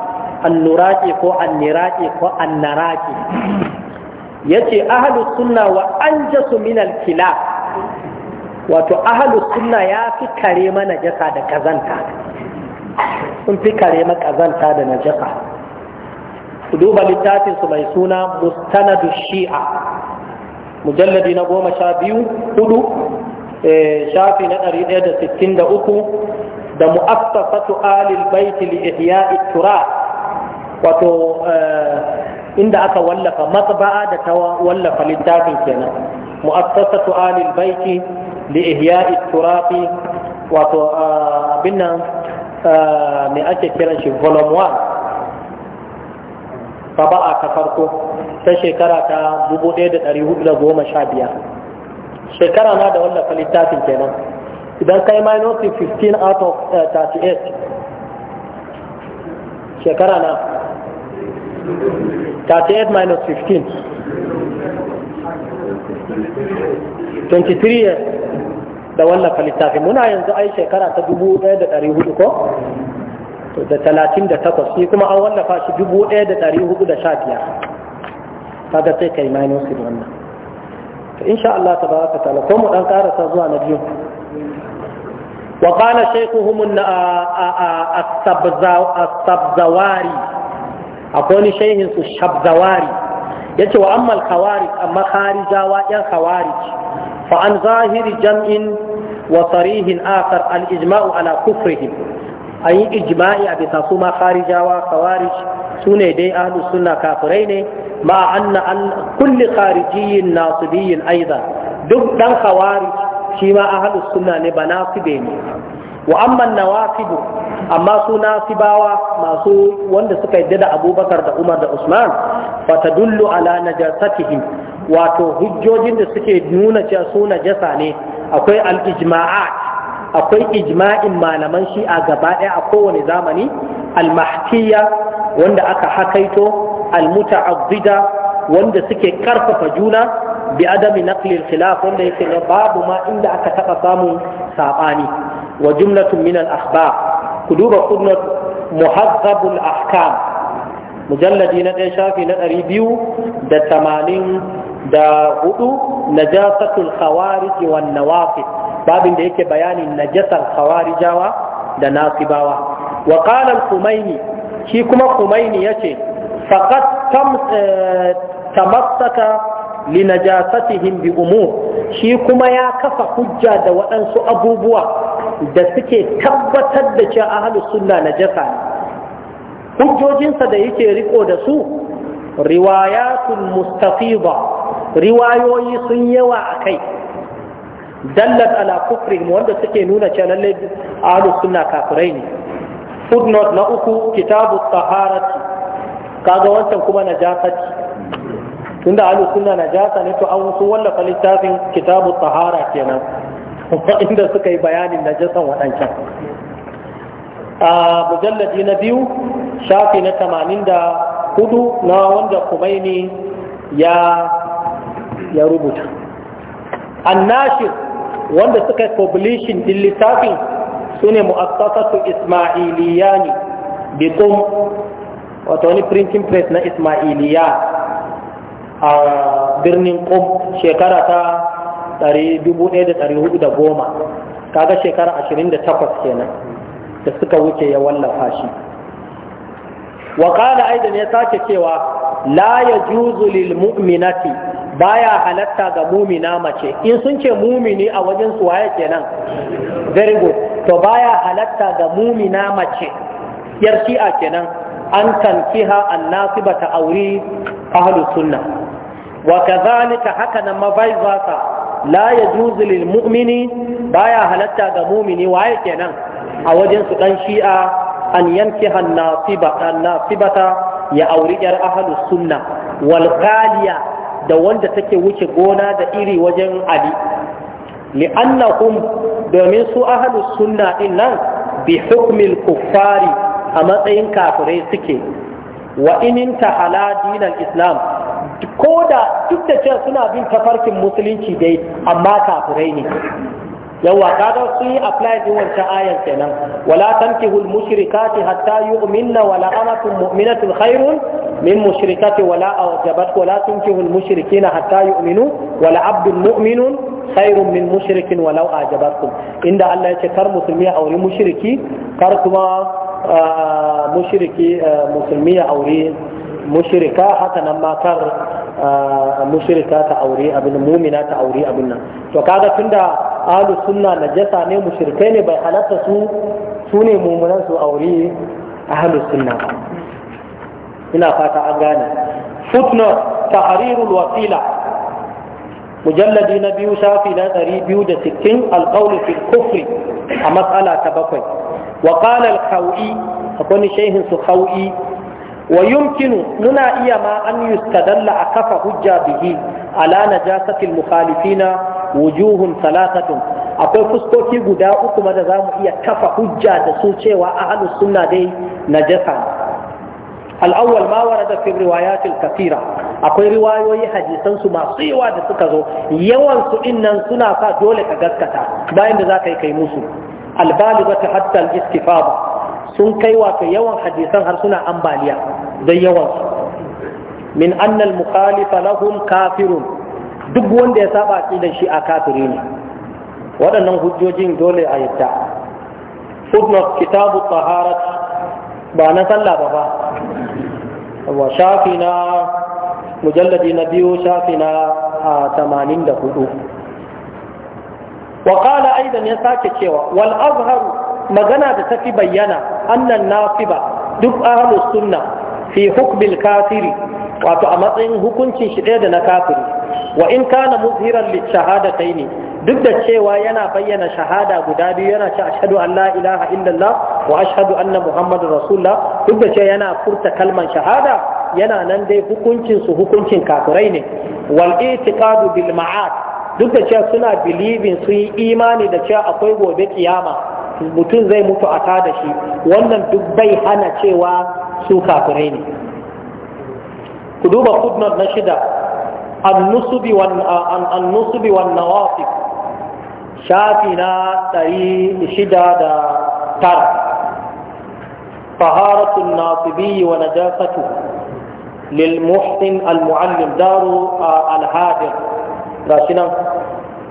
النراقي كو النراقي كو النراقي يتي أهل السنة وأنجس من الكلاب wato ahalus suna ya fi kare mana jasa da kazanta sun fi kare ma kazanta da najasa ku duba littafin su mai suna mustanadu shi'a mujalladi na goma sha biyu hudu eh, shafi na ɗari ɗaya da sittin da uku da mu'assasatu alil baiti li ihya'i tura wato eh, inda aka wallafa matsaba'a da ta wallafa littafin kenan mu'assasatu alil baiti li ihya'i turaqi wato abin nan me ake kiran shi volume 1 taba'a ta farko ta shekara ta 1415 shekara na da wallafa littafin kenan idan kai minus 15 out of 38 shekara na 38 minus 15 23 years da wallafa littafin muna yanzu ai shekara ta 1400 ko da 38 shi kuma an wallafa shi 1415 kaga sai kai minus din wannan to insha Allah tabaraka taala ko mu dan karasa zuwa na biyu wa qala shaykhuhum as-sabzawari akwai ni shaykhin su shabzawari yace wa amma al-khawarij amma kharijawa yan khawarij فعن ظاهر جمع وصريح آخر الإجماع على كفرهم أي إجماع أبي تصوم خارجا وخوارج سنة دي أهل السنة كافرين مع أن كل خارجي ناصبي أيضا دب دان خوارج شما أهل السنة نبناصبين wa amman nawasibu amma su nasibawa masu wanda suka yarda da abubakar da umar da usman fa tadullu ala najasatihim wato hujjojin da suke nuna cewa su najasa ne akwai al-ijma'at akwai ijma'in malaman shi'a gaba ɗaya a kowane zamani al-mahtiyya wanda aka hakaito al-muta'addida wanda suke karfafa juna bi adami naqli al-khilaf wanda yake babu ma inda aka taba samun sabani wa jumlatun minan al ku duba footnote muhazzabul ahkam mujalladi na ɗaya shafi na ɗari biyu da tamanin da hudu najasatul khawarij wan nawafid babin da yake bayanin najasar hawarijawa da nasibawa wa qala shi kuma kumaini yace faqad tam eh, linajasatihim bi umur shi kuma ya kafa hujja da waɗansu abubuwa da suke tabbatar da cewa ahlus sunna najasa ne hujjojinsa da yake riko da su riwayatul mustafida riwayoyi sun yawa a kai dallat ala kufri wanda suke nuna cewa lalle ahlus sunna kafirai ne footnote na uku kitabu taharati kaga wancan kuma najasati tunda ahlus sunna najasa ne to an sun wallafa littafin kitabu tahara kenan inda suka yi bayanin najasan waɗancan a mujallaji na biyu shafi na tamanin da hudu na wanda kumaini ya ya rubuta annashir wanda suka yi publishin din littafin su ne mu'assasatu ne bikin wato wani printing press na ismailiya a birnin kum shekara ta 1410 kaga shekara 28 kenan da suka wuce ya wallafa shi wa Aida ne ya sake cewa la ya juzu lil mu'minati baya halatta ga mumina mace in sun ce mumini a wajen su waye kenan very good to baya halatta ga mumina mace yar shi'a kenan an tankiha annasibata auri ahlus sunnah wa kadhalika haka na mabai zaka la yajuzu lil mu'mini baya halatta ga mu'mini waye kenan a wajen su dan shi'a an yankiha an ya auri yar ahlus sunna wal da wanda take wuce gona da iri wajen ali li'annahum domin su ahlus sunna din nan bi hukmil kuffari a matsayin kafirai suke wa inin tahala dinar islam ko da duk da cewa suna bin tafarkin musulunci dai amma kafirai ne yawa kaga sun yi apply din wancan ayan kenan wala al mushrikati hatta yu'minna wala amatun mu'minatun khairun min mushrikati wala awjabat wala al mushrikina hatta yu'minu wala abdun mu'minun khairun min mushrikin walau ajabatkum inda Allah yace kar musulmi ya auri mushriki kar kuma ah, mushriki ah, musulmi ya auri Mushirika haka nan ma mushirika ta aure abin mumina ta aure abin nan to kaga tunda ahlus sunna najasa ne mushrikai ne bai halatta su su ne mumunan su aure ahlus sunna ina fata an gane footnote tahrirul wasila mujalladi na biyu shafi na ɗari biyu da sittin alƙawli fil kufri a matsala ta bakwai wa qala al-khawi akwai shehin su khawi wa yumkinu muna iya ma an yustadalla a kafa hujja bihi ala najasatil mukhalifina wujuhun salatatun akwai fuskoki guda uku ma da za mu iya kafa hujja da su cewa ahlus sunna dai najasa الأول ما ورد في الروايات الكثيرة أقول رواية حديثا masu سيوا da suka zo yawan su innan suna sa dole ka gaskata bayan da zaka yi kai musu albaligata hatta al-istifada sun kai wato yawan hadisan har suna ambaliya don yawansu min annal mukhalifa lahum kafirun duk wanda ya saba aqidan shi a kafiri ne waɗannan hujjojin dole a yadda footnote kitabu taharat ba na sallah ba ba wa shafi na mujalladi na biyu shafi na tamanin da hudu wa kala aidan ya sake cewa wal azharu magana da tafi bayyana annan nafiba duk ahlus sunna fi hukmil kafiri wato a matsayin hukuncin shi ɗaya da na kafiri wa in kana muzhiran li shahadatai ne duk da cewa yana bayyana shahada guda biyu yana ce ashhadu an la ilaha illallah wa ashhadu anna muhammadar rasulullah duk da cewa yana furta kalman shahada yana nan dai hukuncin su hukuncin kafirai ne wal itiqadu bil ma'ad duk da cewa suna bilibin su yi imani da cewa akwai gobe kiyama mutum zai mutu a tada shi wannan duk bai hana cewa su ne ku duba footnote na shida annusubi wa nawafi shafi na shida da tara faharatun na tubiyi wa najasatu للمحسن المعلم دار الهادر ta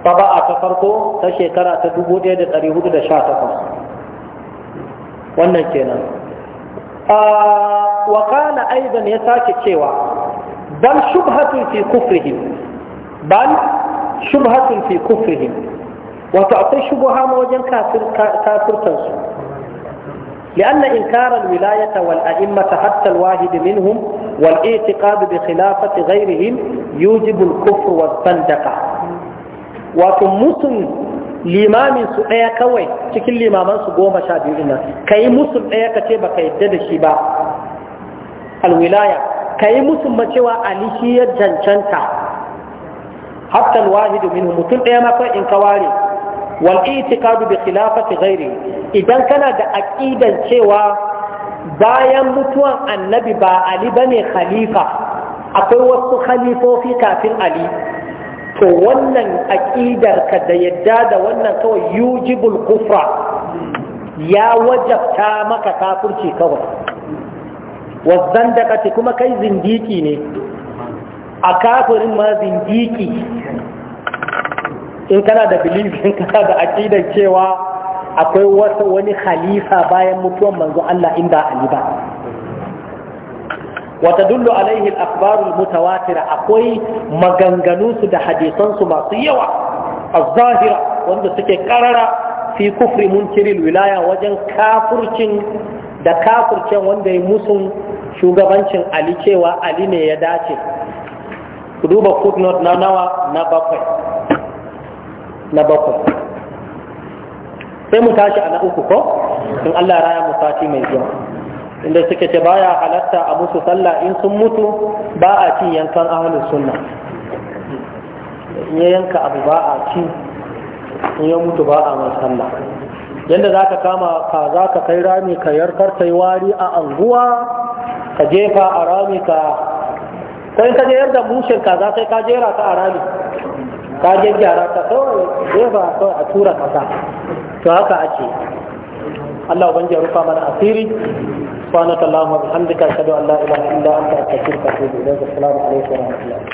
طبعا تفرقوا تشي ترى تدبو ديد قريبو ديد شاتكم وانا كينا Waƙala aizan ya sake cewa bal shubhatun fi kufrihim bal shubhatun fi kufrihim wato akwai shubha ma wajen kafirtan su لأن إنكار الولاية والأئمة حتى الواحد منهم والاعتقاد بخلافة غيرهم يوجب الكفر والزندقة وتمسن limamin su ɗaya kawai cikin limaman su goma sha biyu nan ka yi musu ɗaya ka ce baka yadda da shi ba alwilaya ka yi musu macewa ali shi ya cancanta hatta alwahidu minhu mutum ɗaya ma in ka ware wal itikadu bi khilafati ghairi idan kana da aqidan cewa bayan mutuwan annabi ba ali bane khalifa akwai wasu khalifofi kafin ali to wannan aƙidarka da yadda da wannan kawai yujibul kufra ya wajabta maka kafurci kawai ce kuma kai zindiki ne a kafirin ma zindiki in kana da belief in kana da aƙidar cewa akwai wani khalifa bayan mutuwan manzo Allah inda Ali ba Wata dullu alaihi asabarun mutawa tira akwai maganganunsu da hadisansu masu yawa a zahira wanda suke karara fi kufri mun kirin wilaya wajen kafurkin da kafurken wanda ya yi shugabancin ali cewa ali ne ya dace. Ku duba kudin na nawa na bakwai, na bakwai sai mu tashi a na uku ko in Allah ya raya mu sati mai zuwa inda suka ce baya halatta a musu sallah in sun mutu ba a ci yankan ahalin sunna in ya yanka abu ba a ci in ya mutu ba a mai sallah yadda za ka kama ka za ka kai rami ka yarkar ta yi wari a anguwa ka jefa a rami ka ko in ka jayar da mushin ka za sai ka jera ta a rami ka gyara ta kawai jefa kawai a tura kasa to haka ake Allah ubangiji ya rufa mana asiri subhanaka allahumma bihamdika ashhadu an la ilaha illa anta astaghfiruka wa atubu ilayk assalamu alaikum wa rahmatullahi